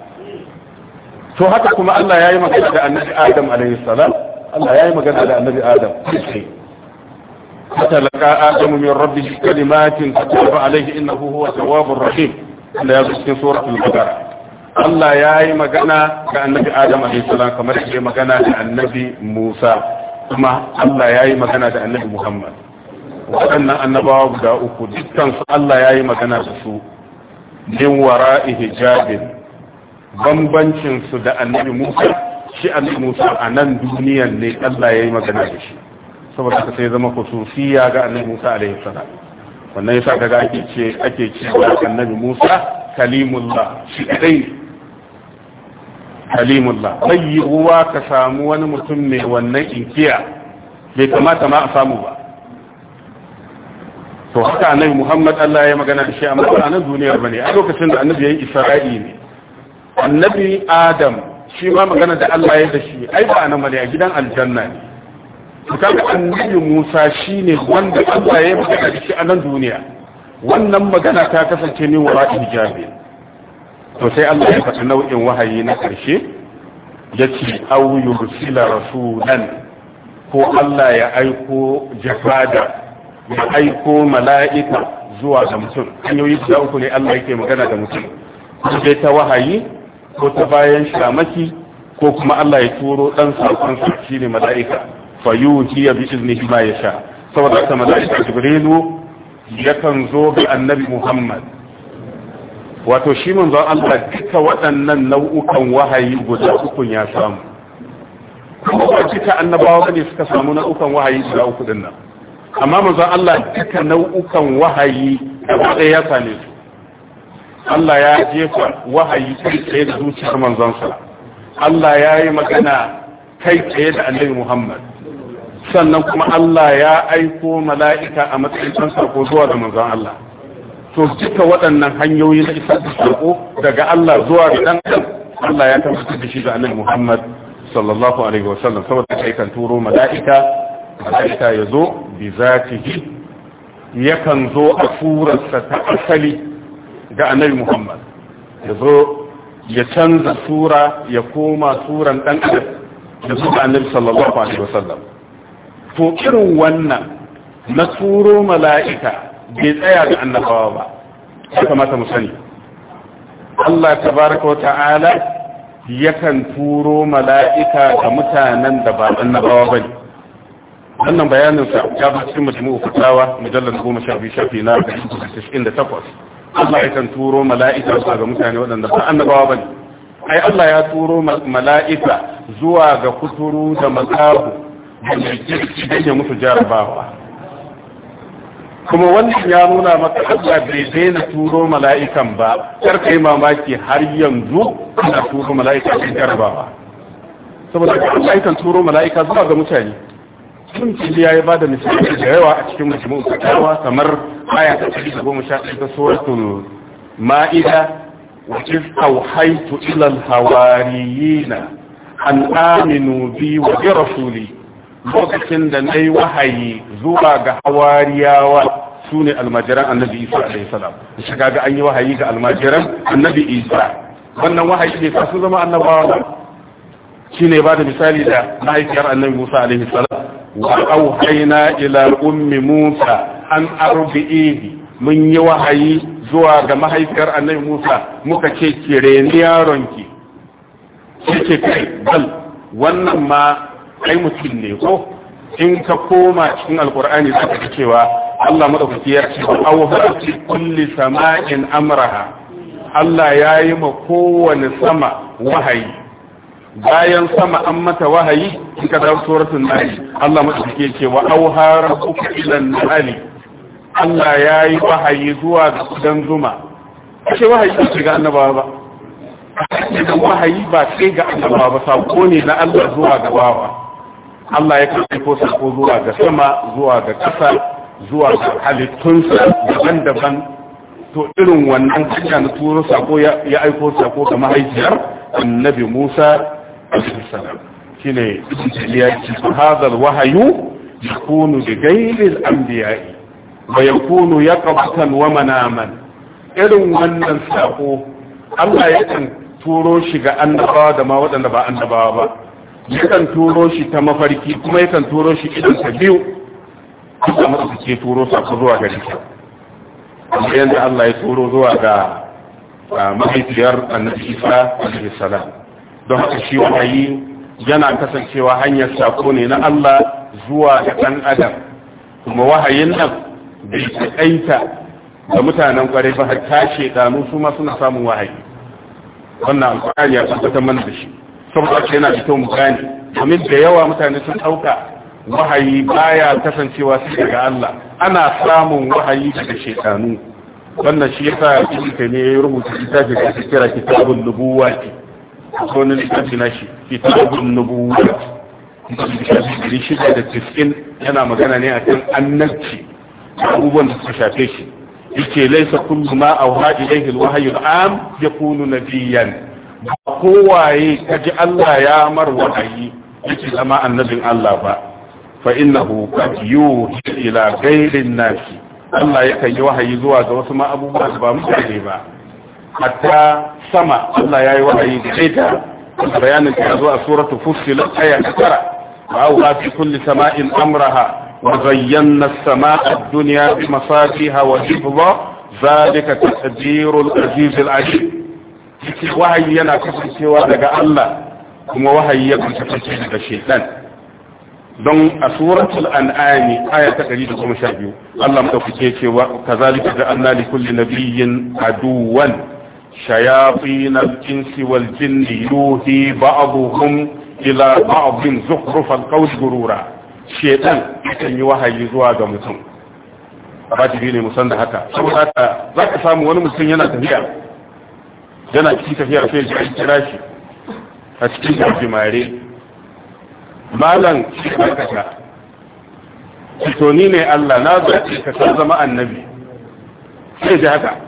to haka kuma Allah ya yi magana da annabi Adam alaihi salam Allah ya yi magana da annabi Adam sai fatalaka Adam min rabbi kalimatin fataba alaihi innahu huwa tawwabur rahim Allah ya zo cikin suratul baqara Allah ya yi magana ga annabi Adam alaihi salam kamar yadda magana da annabi Musa kuma Allah ya yi magana da annabi Muhammad waɗannan annabawa guda uku dukkansu Allah ya yi magana da su min wara'i hijabin bambancinsu da annabi Musa shi annabi Musa a nan duniyan ne Allah ya yi magana da shi saboda haka sai zama khususiya ga annabi Musa alaihi salam wannan yasa kaga ake ce ake cewa annabi Musa kalimullah shi kadai kalimullah bai ruwa ka samu wani mutum mai wannan inkiya bai kamata ma a samu ba to haka annabi Muhammad Allah ya magana da shi amma ba nan duniyar bane a lokacin da annabi ya yi Isra'i ne annabi Adam shi ma magana da Allah ya da shi ai ba nan mariya gidan aljanna ne to kaga annabi Musa shine wanda Allah ya magana shi a nan duniya wannan magana ta kasance ne wara jabi to sai Allah ya faɗi nau'in wahayi na karshe yace aw yursila rasulan ko Allah ya aiko jafada ya aiko mala'ika zuwa ga mutum hanyoyi guda uku ne Allah yake magana da mutum ko dai ta wahayi ko ta bayan shamaki ko kuma Allah ya turo dan sakonsa shine mala'ika fayuhi bi iznihi ma yasha saboda haka mala'ika jibrilu kan zo ga annabi Muhammad wato shi mun manzon Allah duka waɗannan nau'ukan wahayi guda uku ya samu kuma kika annabawa ne suka samu nau'ukan wahayi guda uku din nan amma manzon Allah duka nau'ukan wahayi da ya same su Allah ya jefa wahayi kai tsaye da zuciyar manzonsa Allah ya yi magana kai tsaye da annabi Muhammad sannan kuma Allah ya aiko mala'ika a matsayin ɗan sako zuwa da manzan Allah to duka waɗannan hanyoyi na isa da sako daga Allah zuwa ga ɗan Allah ya tabbatar da shi da annabi Muhammad sallallahu alaihi wa sallam, saboda kai kan turo mala'ika mala'ika ya zo bi zatihi yakan zo a surarsa ta asali ga annabi muhammad ya zo ya canza sura ya koma suran dan adam da su annabi sallallahu alaihi wasallam to irin wannan na turo mala'ika bai tsaya ga annabawa ba ya kamata mu sani Allah tabaraka Ta'ala yakan turo mala'ika ga mutanen da ba annabawa ba ne wannan bayaninsa ya fi cikin mutum uku tawa mujallar goma sha biyu shafi na 98 Allah ya kan turo mala'ika zuwa ga mutane waɗanda ba annabawa ba ne ai Allah ya turo mala'ika zuwa ga kuturu da makahu da ke musu jarabawa kuma wannan ya nuna maka Allah bai daina turo mala'ikan ba kar kai mamaki har yanzu ana turo mala'ika cikin jarabawa saboda Allah ya kan turo mala'ika zuwa ga mutane tunci ya yi ba da misali da yawa a cikin musulmin fatawa kamar aya ta ɗari da goma sha ɗaya ta suratul ma'ida wa iz awhaytu ila al-hawariyina an aminu bi wa bi rasuli lokacin da nayi wahayi zuwa ga hawariyawa sune almajiran annabi isa alayhi salam shiga ga an yi wahayi ga almajiran annabi isa wannan wahayi ne kasu zama annabawa shine ba da misali da mahaifiyar annabi musa alaihi salam Auhai وأوحينا إلى أم موسى أن mun yi wahayi zuwa ga mahaifiyar annabi Musa muka ce ki reni yaronki sai ce kai bal wannan ma kai mutum ne ko in ka koma cikin alkur'ani za ka cewa Allah madaukaki ya ce aw fi kulli sama'in amraha Allah ya yi ma kowane sama wahayi bayan sama an mata wahayi in ka dawo suratul nahl Allah madaukake ce wa auha rabbuka ila nahl Allah yayi wahayi zuwa ga kudan zuma ce wahayi ba shiga annabawa ba idan wahayi ba sai ga annabawa ba sako ne na Allah zuwa ga bawa Allah ya kai ko sako zuwa ga sama zuwa ga ƙasa zuwa ga halittunsa daban-daban to irin wannan hanya na turo sako ya aiko sako ga mahaifiyar annabi Musa alaihi salam shine ya ce hadal wahayu yakunu bi ghayril anbiya'i wa yakunu yaqbatan wa manaman irin wannan sako Allah ya kan turo shi ga annabawa da ma waɗanda ba annabawa ba ya kan turo shi ta mafarki kuma ya kan turo shi idan ta biyu Allah masa ke turo sako zuwa ga shi kamar yadda Allah ya turo zuwa ga ah, mahaifiyar annabi Isa alaihi salam don haka shi wahayi yana kasancewa hanyar sako ne na Allah zuwa ga ɗan adam kuma wahayin nan bai kaɗaita da mutanen kwarai ba hatta shedanu su ma suna samun wahayi wannan alƙur'ani ya tabbatar mana da shi saboda yana da kyau mu gane domin da yawa mutane sun ɗauka wahayi baya kasancewa su daga Allah ana samun wahayi daga shedanu wannan shi yasa ibn ne ya rubuta littafin da ake kira kitabul ce. akwai wani littafi na shi kitabun nubuwa da shi da tiskin yana magana ne a akan annabci abubuwan da suka shafe shi yake laisa kullu ma auha ilayhi alwahyu al'am yakunu nabiyan ba kowaye kaji Allah ya mar wahayi yake zama annabin Allah ba fa innahu qad yuhi ila ghayrin nasi Allah yakan yi wahayi zuwa ga wasu ma abubuwa ba mutane ba hatta sama Allah ya yi wahayi gare ta bayanin ta zo a suratu fussilat aya ta tara wa auha fi kulli sama'in amraha wa zayyana as-sama'a ad-dunya bi masafiha wa zalika taqdiru al-aziz al-alim wahayi yana kasancewa daga Allah kuma wahayi ya kasance daga shaytan don a suratul an'ami aya ta biyu Allah mutaka ke cewa kazalika ja'alna li na nabiyyin aduwan شياطين الجنس والجن يوهي بعضهم إلى بعض زخرف القول غرورا شيطان يكن يوحي زوا ga mutum wajibi ne musan da haka saboda haka za ka samu wani mutum yana tafiya yana cikin tafiyar sai ya kira shi a cikin jimare malam shi ka to ni ne Allah na ka zama annabi sai haka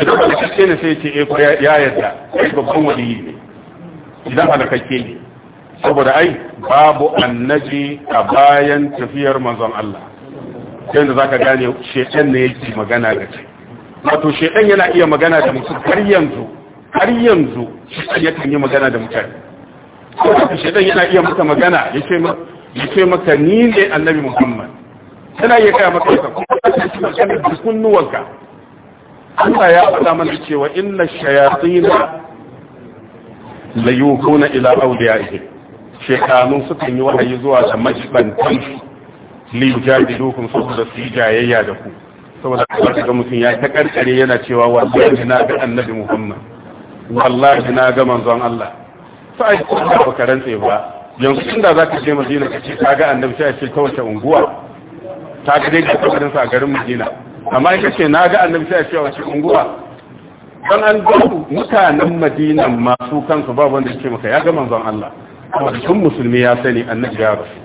idan halakakke sai ce eh, ko ya yarda ai babban waliyi ne idan halakakke ne saboda ai babu annaji a bayan tafiyar manzon Allah sai da zaka gane shedan ne yake magana da kai wato shedan yana iya magana da mutum har yanzu har yanzu shedan yake yin magana da mutane wato shedan yana iya maka magana yace yace maka ni ne annabi Muhammad tana iya kai maka kuma ka ci magana da kunnuwanka Allah ya faɗa mana cewa inna shayatin la yuhuna ila awliyaihi shaytanu sukan yi wahayi zuwa ga majibantan li yujadilukum saboda su jayayya da ku saboda ka ga mutum ya ta karkare yana cewa wallahi na ga annabi Muhammad wallahi na ga manzon Allah sai ko ba ka rantse ba yanzu inda za ka je madina ka ce ka ga annabi sai a ce ta unguwa ta ga dai ka ga sa a garin madina amma in na ga annabi sai a ce wace unguwa Don an ga mutanen Madina masu kansu babu wanda yake maka ya ga manzon Allah kuma tun musulmi ya sani annabi ya rasu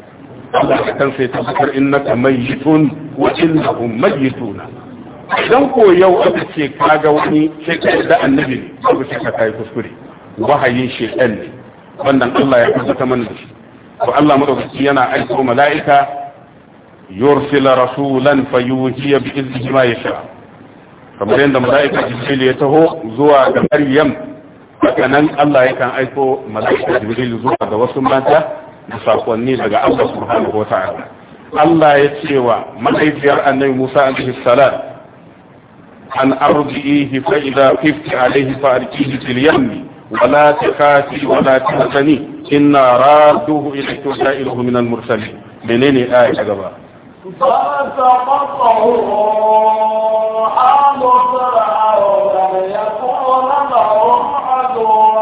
Allah ka kansa ya tabbatar innaka mayyitun wa innahum mayyituna idan ko yau aka ce ka ga wani shekar da annabi ne babu ka kai kuskure wahayin shekan ne wannan Allah ya tabbata mana da shi to Allah madaukaki yana aiko mala'ika yursila rasulan fayuhiya bi iznihi ma yasha kamar yadda malaika jibril ya taho zuwa ga maryam haka nan Allah yakan aiko malaika jibril zuwa ga wasu mata da sakonni daga Allah subhanahu wata'ala Allah ya ce wa mahaifiyar annabi Musa alaihi salam an arji'ihi fa idza khifti alaihi fa alqihi ولا تخافي ولا تحزني إنا رادوه إليك وسائله من المرسلين منين آية جبار فالتقطه آل فرعون ليكون لهم عدوا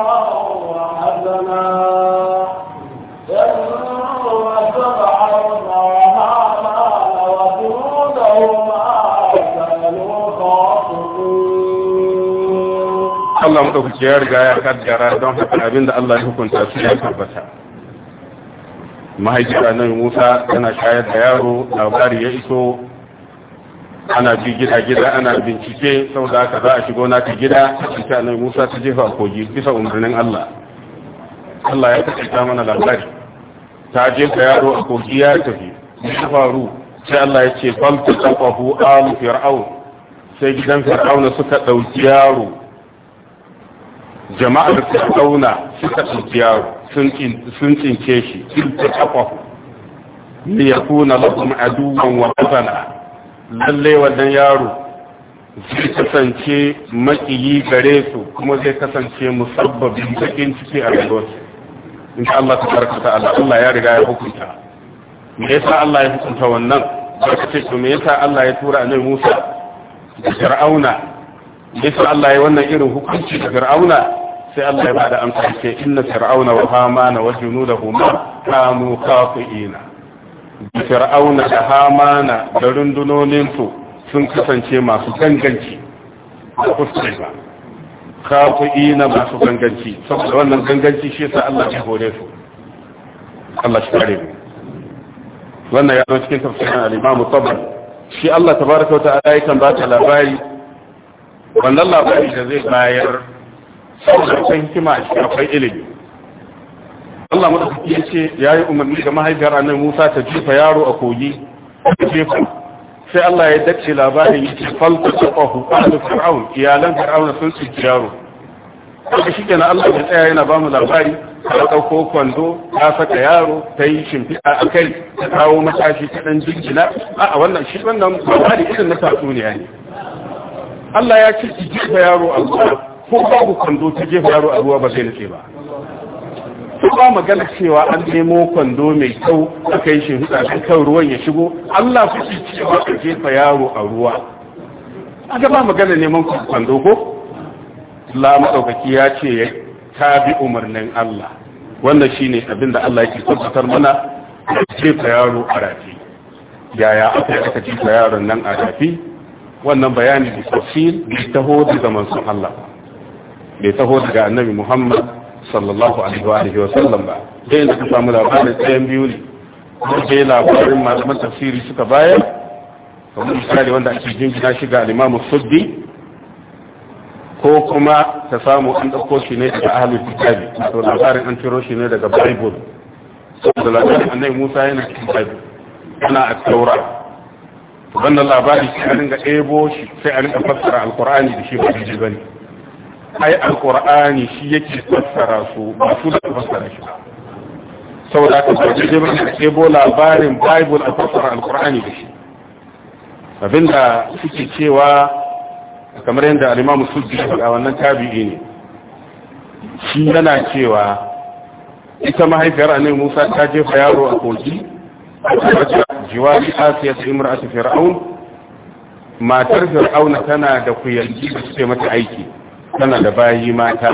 وحزنا إن فرعون وهامان وجنودهما كانوا خاطئين. Allah maɗaukaki ya riga ya kaddara don haka abin da Allah ya hukunta su ya tabbata. mahaifiyar na musa tana shayar da yaro labari ya iso ana ci gida-gida ana bincike saboda haka za a shigo na ta gida ta annabi musa ta jefa kogi bisa umarnin allah allah ya kasance mana labari ta jefa yaro a kogi ya tafi ya faru sai allah ya ce bal ta tafahu alu fir'aun sai gidan fir'auna suka ɗauki yaro jama'ar fir'auna suka ɗauki yaro sun tsince shi ilta takwafu li yakuna lahum aduwan wa qazana lalle wannan yaro zai kasance makiyi gare su kuma zai kasance musabbabin bakin ciki a rayuwarsu in ka Allah ta barkata Allah Allah ya riga ya hukunta me yasa Allah ya hukunta wannan barka ce to me yasa Allah ya tura annabi Musa da Fir'auna me yasa Allah ya wannan irin hukunci da Fir'auna sai Allah ya bada amsa yake inna fir'auna wa hamana wa junudahuma kanu khati'ina bi fir'auna da hamana da rundunonin su sun kasance masu ganganci da kuskure ba khati'ina masu ganganci saboda wannan ganganci shi sa Allah ya hore su Allah shi kare mu wannan ya zo cikin tafsirin al-Imam Tabari shi Allah tabaraka wa ta'ala yakan ba ta labari wannan labari da zai bayar saboda akwai hikima a cikin akwai ilimi Allah madaukaki ya ce ya yi umarni ga mahaifiyar annabi Musa ta jefa yaro a kogi ta jefa sai Allah ya dace labarin ya ce falko ta ƙwahu ƙwahu fir'aun iyalan fir'aun sun su yaro kuma shi kenan Allah ya tsaya yana ba mu labari ta ɗauko kwando ta saka yaro ta yi shimfiɗa a kai ta kawo matashi ta dan jingina a wannan shi wannan ba labari irin na tatsuniya ne Allah ya ce ki jefa yaro a kogi ko babu kwando ta jefa yaro a ruwa ba zai nace ba su ba magana cewa an nemo kwando mai kyau a kai shi kan ruwan ya shigo Allah su ci cewa ka jefa yaro a ruwa a ba magana neman kwando ko la maɗaukaki ya ce ya tabi umarnin Allah wannan shine abin da Allah yake tabbatar mana jefa yaro a rafi yaya aka aka jefa yaron nan a rafi wannan bayani da tafsir da taho daga manzon Allah bai taho daga annabi muhammad sallallahu alaihi wa sallam ba sai da ka samu labarin tsayan biyu ne ko dai labarin malaman tafsiri suka bayar kamar misali wanda ake jingina shi ga alimamu suddi ko kuma ta samu an dauko shi ne daga ahalul kitab to labarin an ciro shi ne daga bible saboda labarin annabi musa yana cikin bible ana a taura wannan labari sai a ringa ebo shi sai a ringa fassara Alqur'ani da shi ba jibani bane ai alkur'ani shi yake fassara su ba su da fassara shi saboda ka ji da ba bo labarin bible a fassara alkur'ani da shi abinda suke cewa kamar yadda al-imam sujji a wannan tabi'i ne shi yana cewa ita mahaifiyar annabi Musa ta jefa yaro a kogi jiwari Asiya ta asifiyar aun matar Fir'auna tana da kuyangi da suke mata aiki tana da bayi mata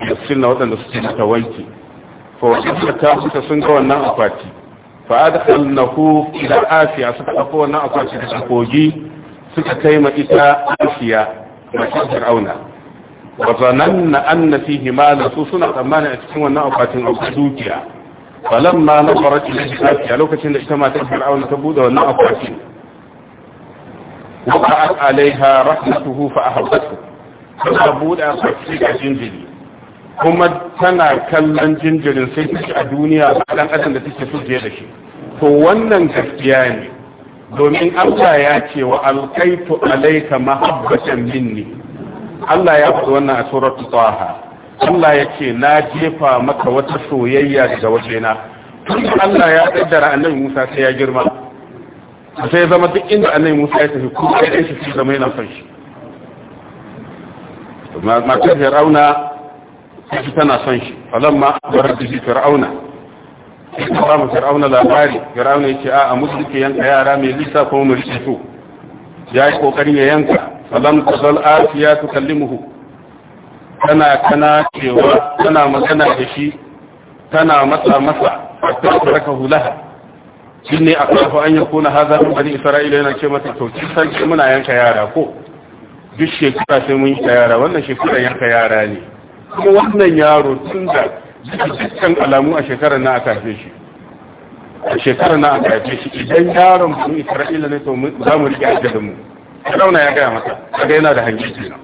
da suna waɗanda suke mata wanki fa wasu ta suka sun ga wannan akwati fa adkhalnahu ila afiya suka ɗauko wannan akwati da kogi suka kai ma ita afiya mace fir'auna wa zananna anna fihi malan su suna tsammani a cikin wannan akwatin akwai dukiya falamma nafarat ilayhi afiya lokacin da ita matar fir'auna ta buɗe wannan akwatin وقعت عليها رحمته فأهبته tana buɗa su cika jinjiri kuma tana kallon jinjirin sai take a duniya a dan adam da take so da shi to wannan gaskiya ne domin Allah ya ce wa alqaitu alayka mahabbatan minni Allah ya faɗi wannan a suratul taha Allah ya ce na jefa maka wata soyayya daga wajena tun Allah ya kaddara annabi Musa sai ya girma sai zama duk inda annabi Musa ya tafi kuma sai shi zama yana son shi matar fir'auna shi tana son shi falamma bar da shi fir'auna ta mu fir'auna labari fir'auna yace a a musu ke yanka yara mai lissa ko mu rike su ya yi kokarin ya yanka falam tazal asiya tukallimuhu tana kana cewa tana magana da shi tana masa masa ta baraka hulaha shine a kafa an yakuna hadha bani isra'ila yana ce mata to kin san muna yanka yara ko duk shekara sai mun yi ta yara wannan shekara ka yara ne kuma wannan yaro tun da dukkan alamu a shekarar na aka haife shi a shekarar na aka haife shi idan yaron mu isra'ila ne to za mu rike ajiyar mu sarauna ya gaya masa kaga yana da hanji kenan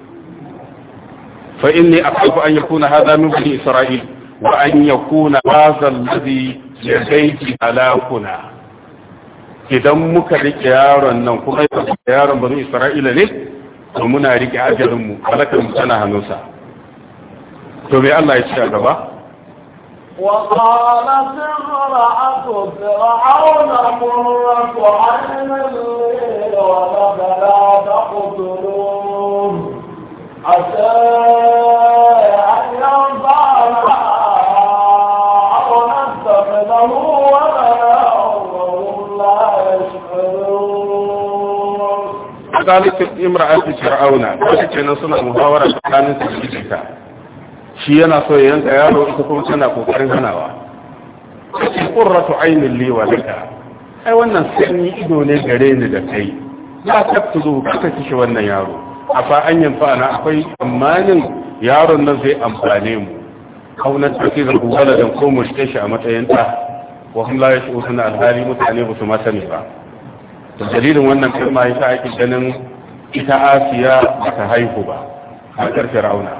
fa inni akhafu an yakuna haza min bani isra'il wa an yakuna hadha alladhi yadayki ala kuna idan muka rike yaron nan kuma yaron bani isra'ila ne to muna rike ajalinmu halakar mu tana hannunsa to me Allah ya ci a gaba وقالت امرأة فرعون مرة عين لي ولك لا تقتلون فقالت fir'auna فرعون kenan suna muhawara tsakanin ta. shi yana so ya yanka yaro ita kuma tana kokarin hanawa kace qurratu aynin li wa laka ai wannan sanyi ido ne gare ni da kai ya tabtuzu kaka kishi wannan yaro afa an yanfa na akwai tsammanin yaron nan zai amfane mu kaunar take da waladan ko mu shi a matsayin ta wa hum la alhali mutane ba su ma sani ba da dalilin wannan kalma ya sa ake ganin ita asiya ba ta haihu ba a ƙarfe rauna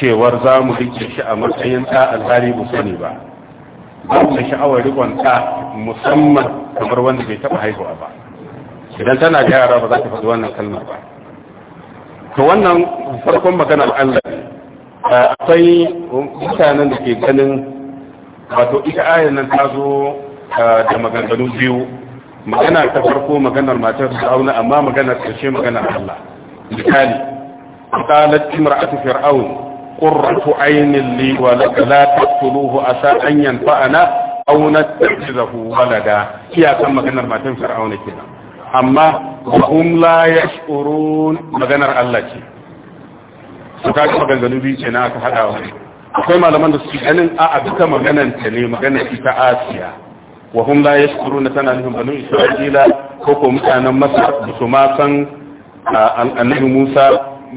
cewar za mu rike shi a matsayin ɗa alhari mu sani ba ba mu da sha'awar rikon ɗa musamman kamar wanda bai taɓa haihuwa ba idan tana da yara ba za ta faɗi wannan kalma ba to wannan farkon maganar allah akwai mutanen da ke ganin wato ita ayan nan ta zo da maganganu biyu magana ta farko maganar matar fir'auna amma maganar karshe maganar Allah misali qalat imra'atu fir'aun qurratu aynin li wa la taqtuluhu asa an yanfa'ana aw nattakhizahu walada iyakan maganar matar fir'auna kenan amma wa hum la yashkurun maganar Allah ce su kuma maganganu biyu na aka hada wa akwai malaman da suke ganin a'a duka maganar ta ne maganar ita Asiya wa hum la yashkuruna tana nufin banu isra'ila ko ko mutanen masar da su ma san annabi musa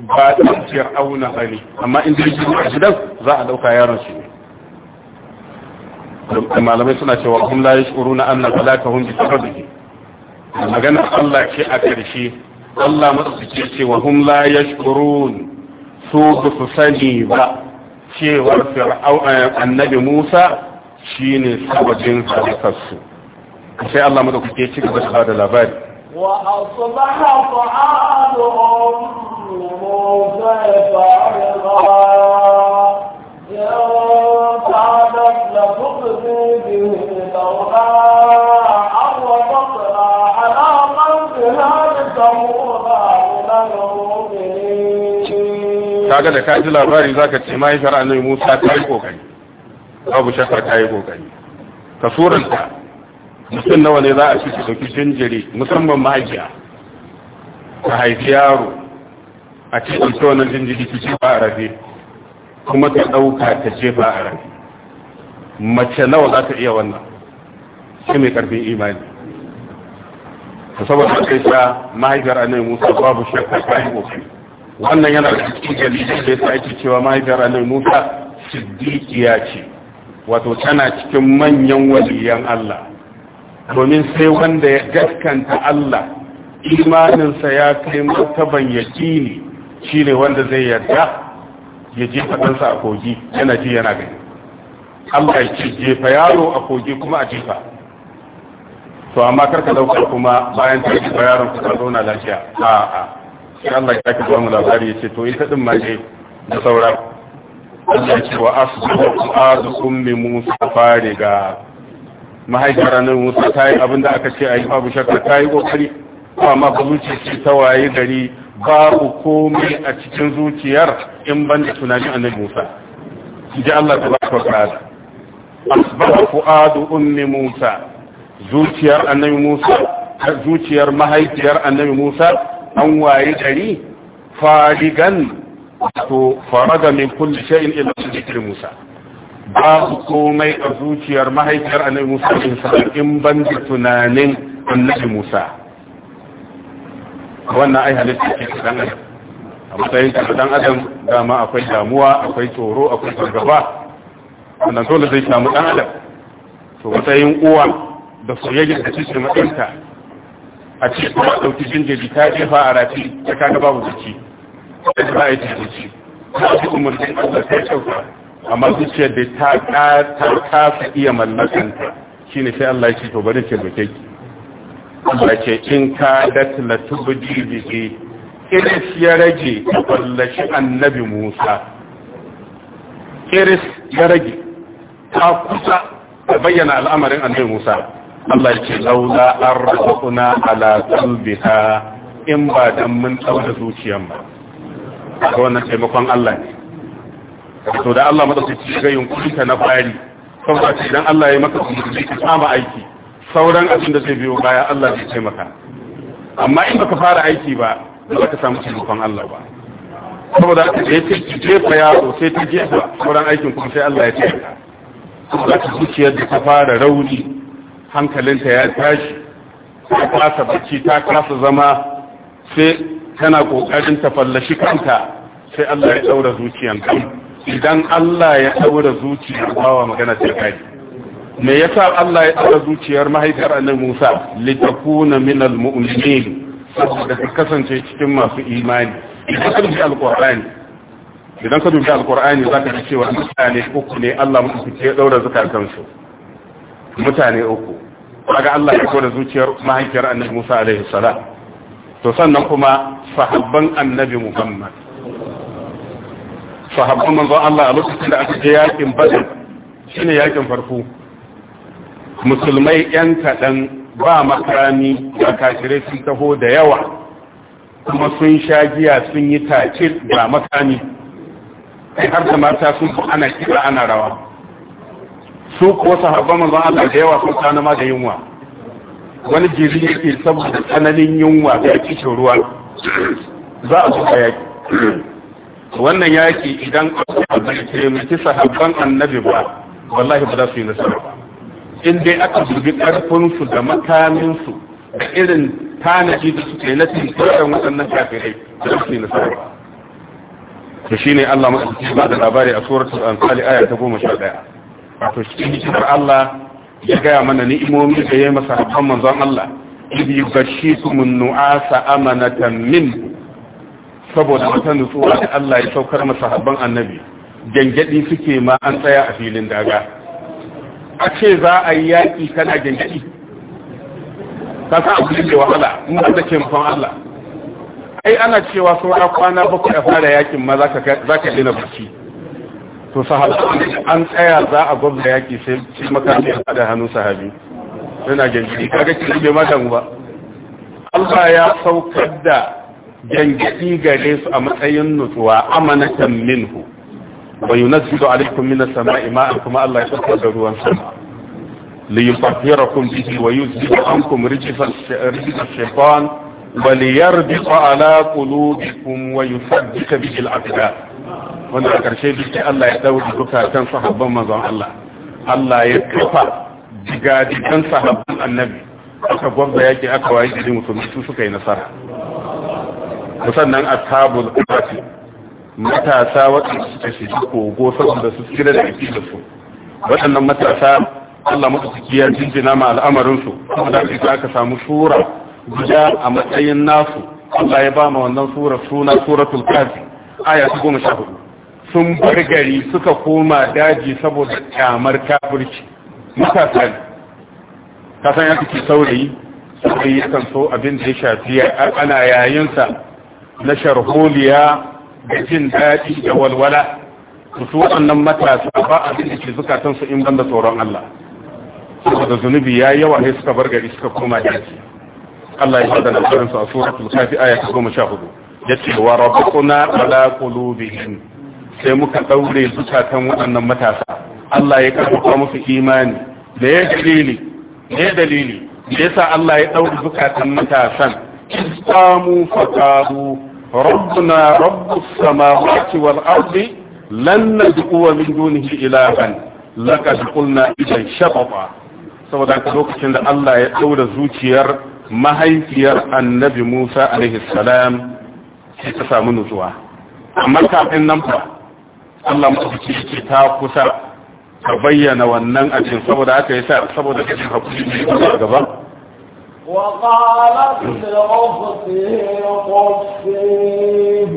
ba ɗan fir'auna ba ne amma in da yake a gidan za a ɗauka yaron shi ne malamai suna cewa hum la yashkuruna anna falaka hum bi sababihi magana Allah ce a karshe Allah matsaki ce wa hum la yashkurun su ba su sani ba cewar fir'auna eh, annabi musa shi ne sabajin sababin ka sai Allah kuke ci gaba da labari wa asbaha da ka ya ta'adat kaga da kaji labari zaka ce mahaifiyar annabi Musa ta yi kokari babu shakar ta yi kokari ka suranta mutum nawa ne za a ci su jinjiri musamman magiya ka haifi yaro a ce ɗauki wannan jinjiri ki jefa a rafi kuma ta ɗauka ta jefa a rafi mace nawa za ta iya wannan shi mai ƙarfin imani ta saboda kai mahajiyar mahaifiyar nai musa babu shakar ta yi kokari wannan yana da cikin dalilin da ya sa ake cewa mahaifiyar annabi musa siddiqiya ce wato tana cikin manyan waliyan Allah domin sai wanda ya gaskanta Allah imaninsa ya kai martaban yaqini shine wanda zai yarda ya jefa kansa a kogi yana ji yana gani Allah ya ce jefa yaro a kogi kuma a jefa to amma karka dauka kuma bayan ta jefa yaron ka zauna lafiya a'a sai Allah ya ka zuwa mu labari ya ce to ita din ma ce da saura Allah ce wa asbaha qu'adu ummi Musa fariga mahaifar nan Musa ta yi abinda aka ce a yi babu shakka ta yi Ko amma ba zuciya ce ta waye gari babu komai a cikin zuciyar in ban da tunanin annabi Musa ji Allah tabaraka wa ta'ala asbaha fu'adu ummi Musa zuciyar annabi Musa zuciyar mahaifiyar annabi Musa an waye gari farigan to faraga min kulli shay'in illa zikri Musa babu komai a zuciyar mahaifiyar annabi Musa in sabakin ban da tunanin annabi Musa wannan ai halitta ce dan adam a matsayin ta dan adam dama akwai damuwa akwai tsoro akwai gaba wannan dole zai samu dan adam to matsayin uwa da soyayya da cikin matsayinta a cikin ɗauki jinjiri ta jefa a rafi ta kaga babu zuciya da ba ya tafi ta ji umarnin Allah ta kyauta amma zuciyar da ta kasa iya mallakanta Shi ne sai Allah ya ce to bari ce doke ki Allah ce in ka datla tubdi bihi iris ya rage ta kwallashi annabi Musa iris ya rage ta kusa ta bayyana al'amarin annabi Musa Allah ya ce laula kuna ala qalbiha in ba don mun tsawon zuciyar ba ga wannan taimakon Allah ne to da Allah madaukaki ga yunkuri ta na fari saboda idan Allah ya maka kuma ka kama aiki sauran abin da zai biyo baya Allah zai taimaka amma in baka fara aiki ba ba ka samu taimakon Allah ba saboda da ya ce jefa yaro sai ta jefa sauran aikin kuma sai Allah ya taimaka saboda zuciyar da ta fara rauni hankalinta ya tashi ta kasa bacci ta kasa zama sai tana kokarin ta fallashi kanta sai Allah ya daura zuciyan kan idan Allah ya daura zuciyar bawa magana ta kai me yasa Allah ya daura zuciyar mahaifiyar Annabi Musa li litakuna minal mu'minin saboda ka kasance cikin masu imani idan ka dubi alqur'ani idan ka dubi alqur'ani zaka ga cewa mutane uku ne Allah mutunce ya daura zakatan su mutane uku kaga Allah ya daura zuciyar mahaifiyar Annabi Musa alaihi salam to sannan kuma sahabban Annabi Muhammad sahabban manzon Allah a lokacin da aka je yakin Badr shine yakin farko musulmai yan kadan ba makarami da kafirai sun taho da yawa kuma sun sha giya sun yi tace ba makami har da mata sun fi ana kira ana rawa su kuwa sahabban manzon Allah da yawa sun tana ma da yunwa wani jiri yake saboda tsananin yunwa da ya kishin ruwa za a su yaki wannan yaki idan bai taimaki sahabban annabi ba wallahi ba za su yi nasara ba in dai aka dubi karfinsu da makaminsu da irin tanaji da suke yi na tinkuran waɗannan kafirai ba za su yi nasara ba to ne Allah maɗauki ba da labari a suratul anfal aya ta goma sha ɗaya wato cikin Allah ya gaya mana ni'imomi da ya yi masa habban manzon Allah ibi bashi tumun nu'asa amanatan min saboda wata nutsuwa da Allah ya saukar masa habban annabi gangadi suke ma an tsaya a filin daga a ce za a yi yaƙi kana gangadi ta sa abu da wahala in da ke mafan Allah ai ana cewa saura kwana bakwai a fara yaƙin ma za ka dina barci to sahabban an tsaya za a gwamna yaƙi sai makarantar a da hannun sahabi yana gangadi kaga kin ma ba Allah ya saukar da jangadi gare su a matsayin nutsuwa amanatan minhu wa yunazzilu alaykum minas sama'i ma'an kuma Allah ya saukar da ruwan sama li yutahhirakum bihi wa yuzhibu ankum rijsa ash-shaytan wa liyarbita ala qulubikum wa yuthabbita bihi al-aqdam wanda a karshe duk Allah ya dauri zukatan sahabban manzon Allah Allah ya kafa digadigan sahabban annabi aka gwabza yake aka waye gari musulmi su suka yi nasara sannan ashabul kafi matasa waɗanda suka shiga kogo saboda su tsira da ake da su waɗannan matasa Allah maɗaukaki ya jinjina ma al'amarinsu kuma da aka samu sura guda a matsayin nasu Allah ya ba ma wannan sura suna suratul kafi aya su goma sha hudu sun bar gari suka koma daji saboda kyamar kafirci matasa ne ka san yadda ke saurayi saurayi kan so abin da ya shafi ana yayinsa na sharholiya da jin daɗi da walwala su su waɗannan matasa ba abin da ke zukatansu in ban da tsoron Allah saboda zunubi ya yawa ne suka bar gari suka koma daji Allah ya hada nasarin su a suratul kafi aya ta goma sha hudu ya ce wa rabbuna ala qulubihim sai muka daure zukatan waɗannan matasa Allah ya karfafa musu imani da ya dalili ne dalili da yasa Allah ya daure zukatan matasan istamu faqabu ربنا رب السماوات والأرض لن ندعو من دونه إلها لقد قلنا إذا شططا saboda haka lokacin da Allah ya ɗaura zuciyar mahaifiyar annabi Musa alaihissalam sai ta samu nutsuwa amma kafin nan fa Allah mafi ta kusa ta bayyana wannan abin saboda aka yi sa saboda kashin hakuri ne gaba وقالت لأخته قفيه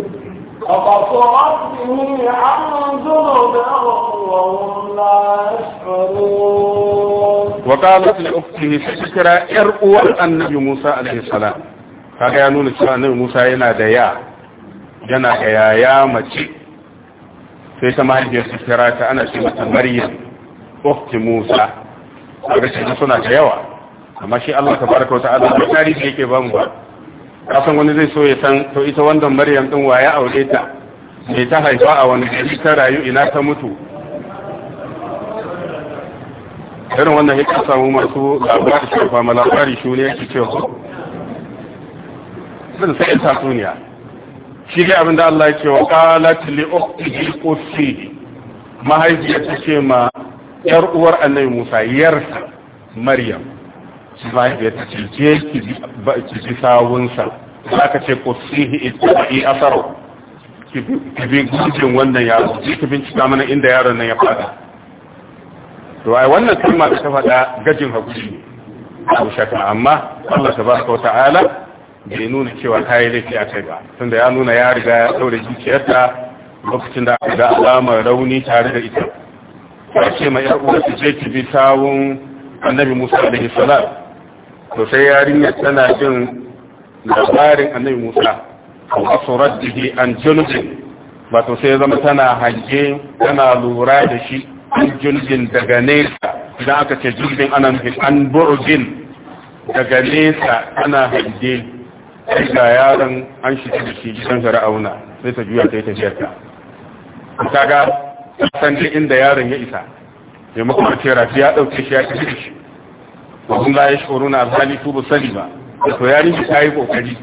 فبصرت به عن جنوبهم وهم لا يشعرون وقالت لأخته فكرة ارؤوا النبي موسى عليه السلام kaga ya nuna cewa annabi Musa yana da ya yana da yaya mace sai ta mahaifiyarsa kira ta ana ce mata Maryam ukhti Musa kaga suna da yawa amma shi Allah baraka wata ta'ala da tarihi yake ba mu ba kasan wani zai so ya san to ita wannan Maryam din waya aure ta me ta haifa a wani gari ta rayu ina ta mutu irin wannan yake samu masu labarai shi fa malabari shi ne yake ko zan sai ta suniya shi dai abinda Allah yake wa qalat li ukhti qussi mahaifiyar ta ce ma yar uwar annabi Musa yarsa Maryam sai mahaifiyar ta ce je ki sawunsa za ka ce ko sihi ittabi asaro ki bi gujin wannan yaro ji ki bincika mana inda yaron nan ya fada to ai wannan kalma da ta faɗa gajin hakuri ne abu shakka amma Allah tabaraka ta'ala bai nuna cewa yi laifi a kai ba tunda ya nuna ya riga ya daure jikiyarta lokacin da aka ga alamar rauni tare da ita ya ce mai yar uwa je ki bi sawun annabi Musa da salam to sai yarinya tana jin labarin annabi Musa wa asrat bihi an junubin wato sai zama tana hange tana lura da shi an junubin daga nesa idan aka ce junubin ana nufin an burgin daga nesa ana hange sai ga yaron an shi da shi gidan Fir'auna sai ta juya ta yi tafiyarta kaga san inda yaron ya isa maimakon a ce rafi ya dauke shi ya kishi wa kun la na alhali su ba sani ba to ya rinki ta yi kokari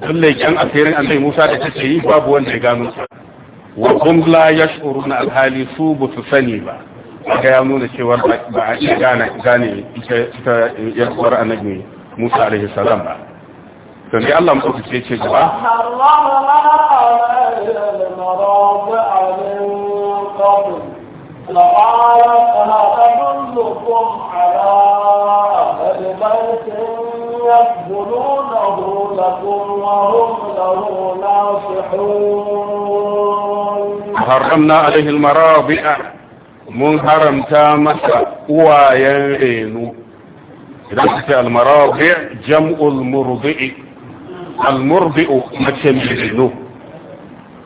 don laiken asirin annabi Musa da take yi babu wanda ya gano sa wa kun la na alhali su ba su sani ba haka ya nuna cewa ba a iya gane gane ita yarkuwar annabi Musa alaihi salam ba don dai Allah mutum ce ce gaba Allah فقال تدلكم على بيت يقبلونه لكم وهم له ناصحون حرمنا عليه المرابع من حرم تامسة وينعين إذا كنت المرابع جمع المرضع المرضع مجمعينه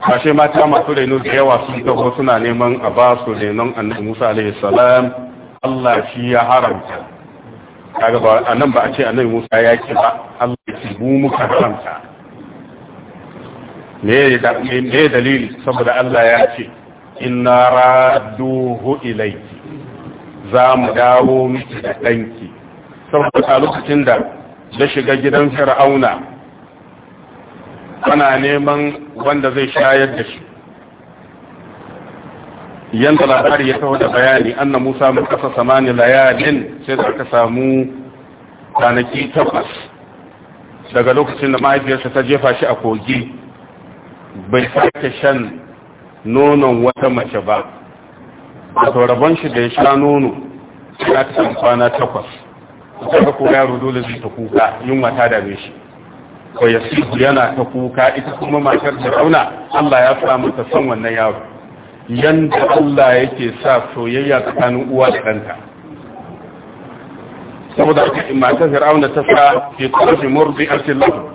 kashe mata masu reno da yawa sun taho suna neman a ba su renon annabi Musa alaihi salam Allah shi ya haramta kaga ba nan ba a ce annabi Musa ya ki ba Allah ya bu muka haramta me ya dalili saboda Allah ya ce inna radduhu ilayki za mu dawo miki da danki saboda a lokacin da ya shiga gidan Fir'auna ana neman wanda zai shayar da shi yanda labari ya kawo da bayani Annan musa mai kasa samani layalin sai ka samu kwanaki takwas daga lokacin da mahaifiyarsa ta jefa shi a kogi bai sake shan nonon wata mace ba A sauraban shi da ya sha nono ya ta kwana takwas ta ko yaro dole zai ta kuka yunwa ta dame shi wa yana ta kuka ita kuma matar Fir'auna Allah ya sa mata son wannan yaro yanda Allah yake sa soyayya tsakanin uwa da ɗanta saboda aka matar Fir'auna ta sa fi qurbi murdi'atin lahu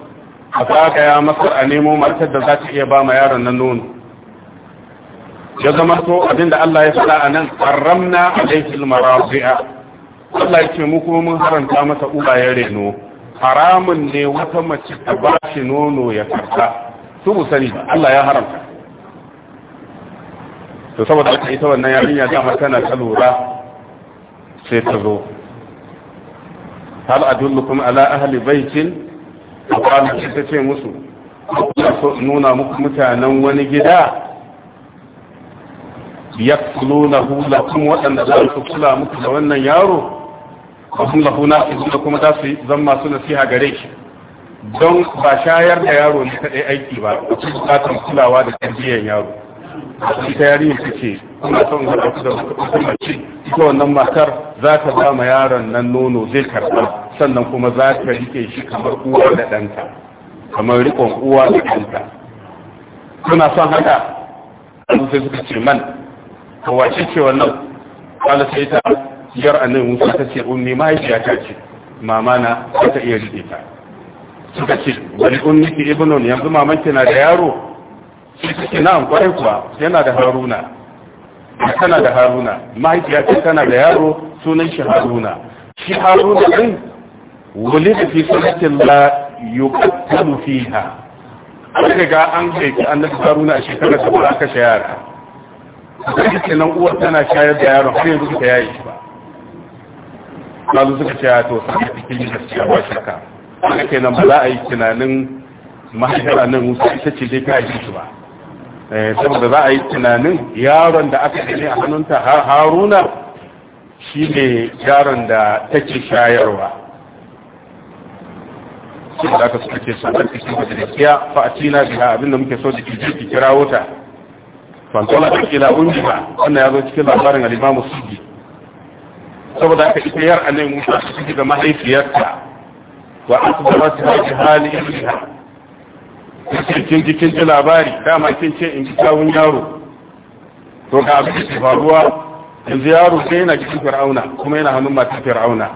a saka ya masa a nemo matar da za ta iya ba ma yaron nan nono ya zama to abinda Allah ya faɗa anan haramna alaihi al-maradi'a Allah ya ce mu kuma mun haramta masa uba ya reno haramun ne wata mace ta ba shi nono ya karka su mu sani Allah ya haramta to saboda aka ita wannan yarinya dama tana ta lura sai ta zo hal adullukum ala ahli baitin qala ta ce musu so nuna muku mutanen wani gida yakuluna hula lakum wadanda za su kula muku da wannan yaro Wasu hum su nasihu kuma za su zan masu nasiha gare shi don ba shayar da yaro ne kaɗai aiki ba cikin bukatar kulawa da tarbiyyar yaro ita tayari ne ce Kuma son zaɓa su da wata mace ita wannan matar za ta ba ma yaron nan nono zai karɓa sannan kuma za ta rike shi kamar uwa da ɗanta kamar riƙon uwa da ɗanta kuna son haka a sai suka ce man to wace ce wannan kala sai ta yar nan wuce ta ce ummi mahaifiyata ce mama na za ta iya riƙe ta suka ce wani ummi ki ibnun yanzu maman ki na da yaro suka ce na'am kwarai kuwa yana da haruna tana da haruna mahaifiyata tana da yaro sunan shi haruna shi haruna din wulida fi sunnatin la yuqattalu fiha an riga an haifi annabi haruna a shekarar da ba aka shayar a kan kenan uwar tana shayar da yaron har yanzu ta yayi shi ba kalu suka ce to saka cikin gaskiya ba shakka haka kenan ba za a yi tunanin mahaifiyar nan musa ita ce dai ka ji ba eh, saboda za a yi tunanin yaron da aka gani a hannunta haruna shi ne yaron da take shayarwa su da aka suka ce sanar cikin majalisiya fa'atina biya abinda muke so da kiji ki kira wuta fantola da kila unji wannan ya zo cikin labarin alimamu sugi saboda aka ita yar annabi Musa ta ciki da mahaifiyarta wa akbarat ha bi hali ibniha kin ji kin ji labari dama kin ce in ji kawun yaro to ga abin da faruwa yanzu yaro sai yana cikin fir'auna kuma yana hannun mata fir'auna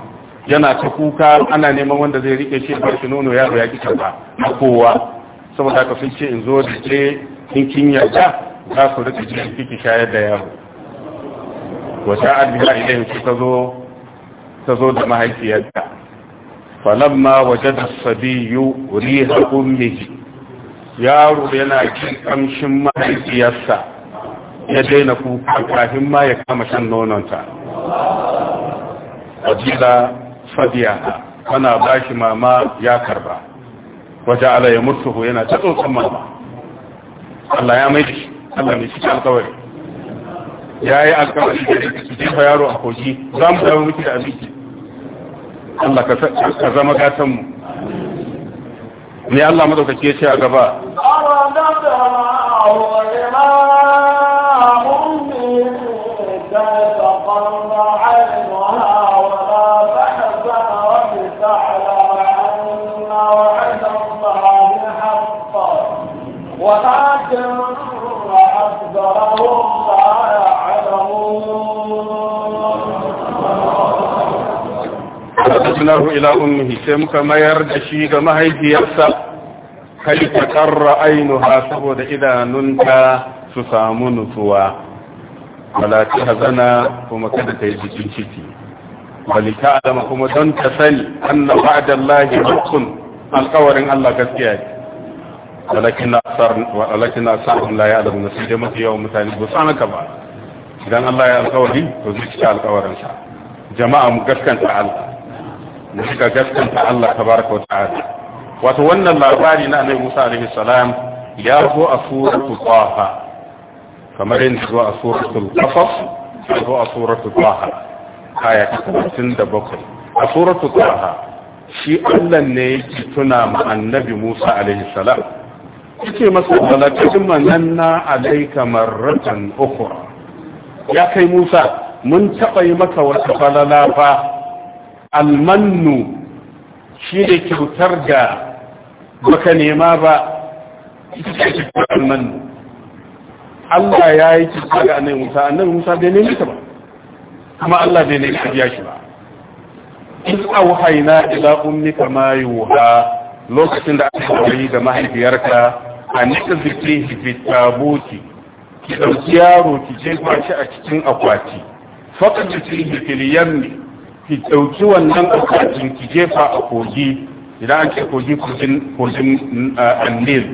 yana ta kuka ana neman wanda zai rike shi bar shi nono yaro ya kika ba a kowa saboda haka sun ce in zo da ke in kin yarda za su rike shi kike shayar da yaro wata albiha ilayhi ta zo ta zo da mahaifiyarta falamma wajada sabiyu riha ummihi yaro yana jin kamshin mahaifiyarsa ya daina kuka kafin ma ya kama shan nonon nononta wajila fadiya ana bashi mama ya karba waje ala ya mutu yana ta tsotson mama Allah ya mai Allah mai shi alkawari ya yi alkawari da ki ki yaro a kogi za mu dawo miki da abinci Allah ka zama gatan mu me Allah madaukake ya ce a gaba raddahu ila ummihi sai muka mayar da shi ga mahaifiyarsa kai ta karra ainuha saboda idanunta su samu nutsuwa ta hazana kuma kada ta yi jikin ciki bali ta kuma don ta sani anna ba'dallahi haqqun alƙawarin Allah gaskiya ne walakin asarun la ya alamu sai dai mafi yawan mutane ba su haka ba idan Allah ya alƙawari to zai cika alƙawarinsa jama'a mu gaskanta Allah mu suka gaskanta Allah tabaraka wa ta'ala wato wannan labari na annabi Musa alaihi salam ya zo a suratu Taha kamar yadda zo a suratul Qasas zo a suratul Taha aya ta 37 a suratul Taha shi Allah ne yake tuna ma annabi Musa alaihi salam yake masa walaqad mananna alayka marratan ukhra ya kai Musa mun taɓa yi maka wata falala fa almannu shi ne kyautar da baka nema ba almannu Allah ya yi kyauta ga annabi Musa annabi Musa bai nemi ta ba kuma Allah bai nemi ta biya shi ba in auhayna ila ummika ma yuha lokacin da aka wari da mahaifiyarka a nika zikin fitabuti ki ɗauki yaro ki je kwashi a cikin akwati faƙa zikin filiyan ne ki ɗauki wannan akwatin ki jefa a kogi idan an ce kogi kogin annil eh,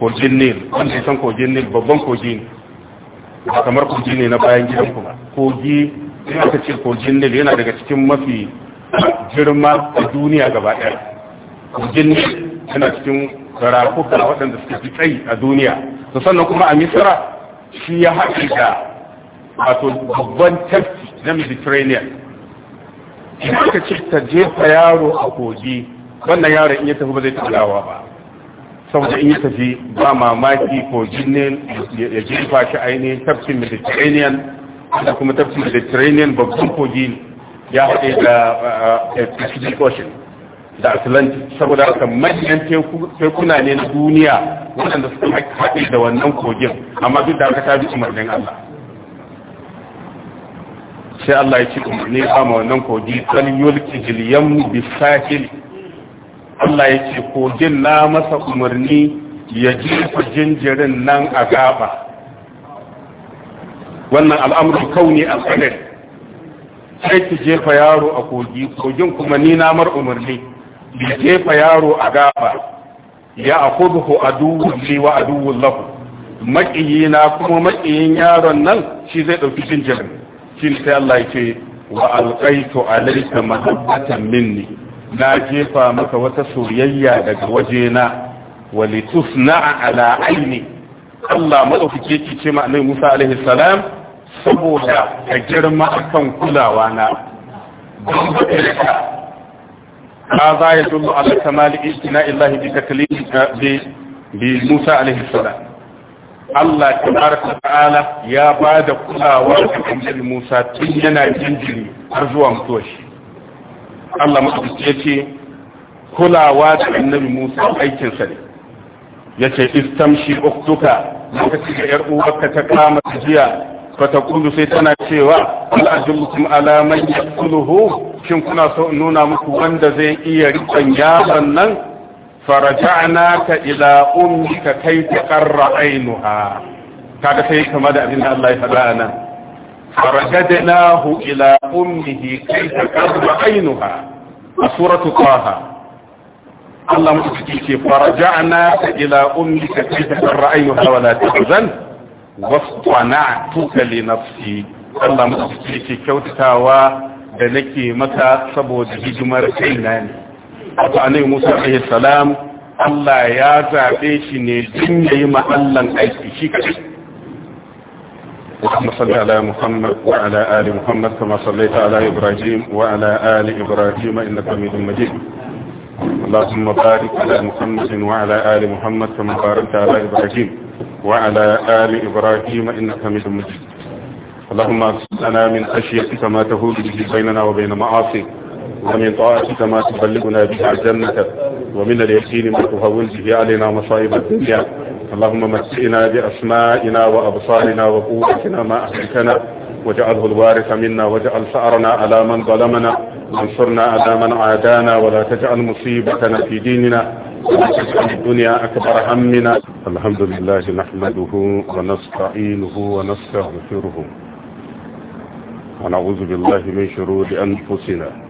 kogin nil wanda ya san kogin nil babban kogi ba kamar kogi ne na bayan gidan kuma kogi in aka ce kogin nil yana daga cikin mafi girma a duniya gaba ɗaya kogin nil yana cikin rafuka waɗanda suke fi tsayi a duniya to sannan kuma a misira shi ya haɗe da wato babban tafki na mediterranean in aka ce ta jefa yaro a kogi wannan yaron in ya tafi ba zai talawa ba saboda in ya tafi ba mamaki ko ne ya jefa shi ainihin tafsin mediterranean da kuma tafsin mediterranean babban kogi ya haɗe da eh, eh, pacific ocean da atlantic saboda haka manyan tekuna ne na duniya waɗanda suka haɗe da wannan kogin amma duk da aka tafi umarnin allah sai Allah ya ci umarni ba ma wannan kogi kan yulki jiliyan bisahil Allah ya ce kogin na masa umarni ya jefa jinjirin nan a gaba wannan al'amuran kauni a tsanar sai ki jefa yaro a kogi kogin kuma ni namar umarni ya jefa yaro a gaba ya a kudu a duwulli wa lafu maƙiyi maƙiyina kuma maƙiyin yaron nan shi zai ɗauki jinjirin shine sai Allah ce wa alqaitu alayka mahabbatan minni na jefa maka wata soyayya daga wajena walitusna ala aini Allah madaukake ki ce ma Annabi Musa alaihi salam saboda ka girma akan kulawa na don ka هذا يدل على كمال اجتناء الله bi Musa alaihi salam. Allah tabaraka ta'ala ya ba da kulawa ga annabi Musa tun yana jinjiri har zuwa mutuwar shi Allah madaukaki ce kulawa da annabi Musa aikin sa ne yace istamshi uktuka lokacin da yar uwarka ta kama jiya fatakulu sai tana cewa al'ajulukum ala man yaquluhu shin kuna so nuna muku wanda zai iya rikon yaron nan faraja'naka ila ummika kai taqarra ainuha kaga sai kama da abin da Allah ya faɗa anan farajadnahu ila ummihi kai taqarra ainuha a suratu qaha Allah mutuki ce faraja'naka ila kai taqarra ainuha wa la da nake maka saboda hidimar kaina ne abu annabi Musa alaihi salam Allah ya zaɓe shi ne tun ya yi ma'allan aiki shi kaɗai. اللهم صل على محمد وعلى آل محمد كما صليت على إبراهيم وعلى آل إبراهيم إنك حميد مجيد اللهم بارك على محمد وعلى آل محمد كما باركت على إبراهيم وعلى آل إبراهيم إنك حميد مجيد اللهم أسلنا من خشيتك ما تهول به بيننا وبين معاصيك ومن طاعتك ما تبلغنا بها جنتك ومن اليقين ما تهون به علينا مصائب الدنيا اللهم مسئنا بأسمائنا وأبصارنا وقوتنا ما أهلكنا واجعله الوارث منا واجعل ثأرنا على من ظلمنا وانصرنا على من عادانا ولا تجعل مصيبتنا في ديننا ولا تجعل الدنيا أكبر همنا الحمد لله نحمده ونستعينه ونستغفره ونعوذ بالله من شرور أنفسنا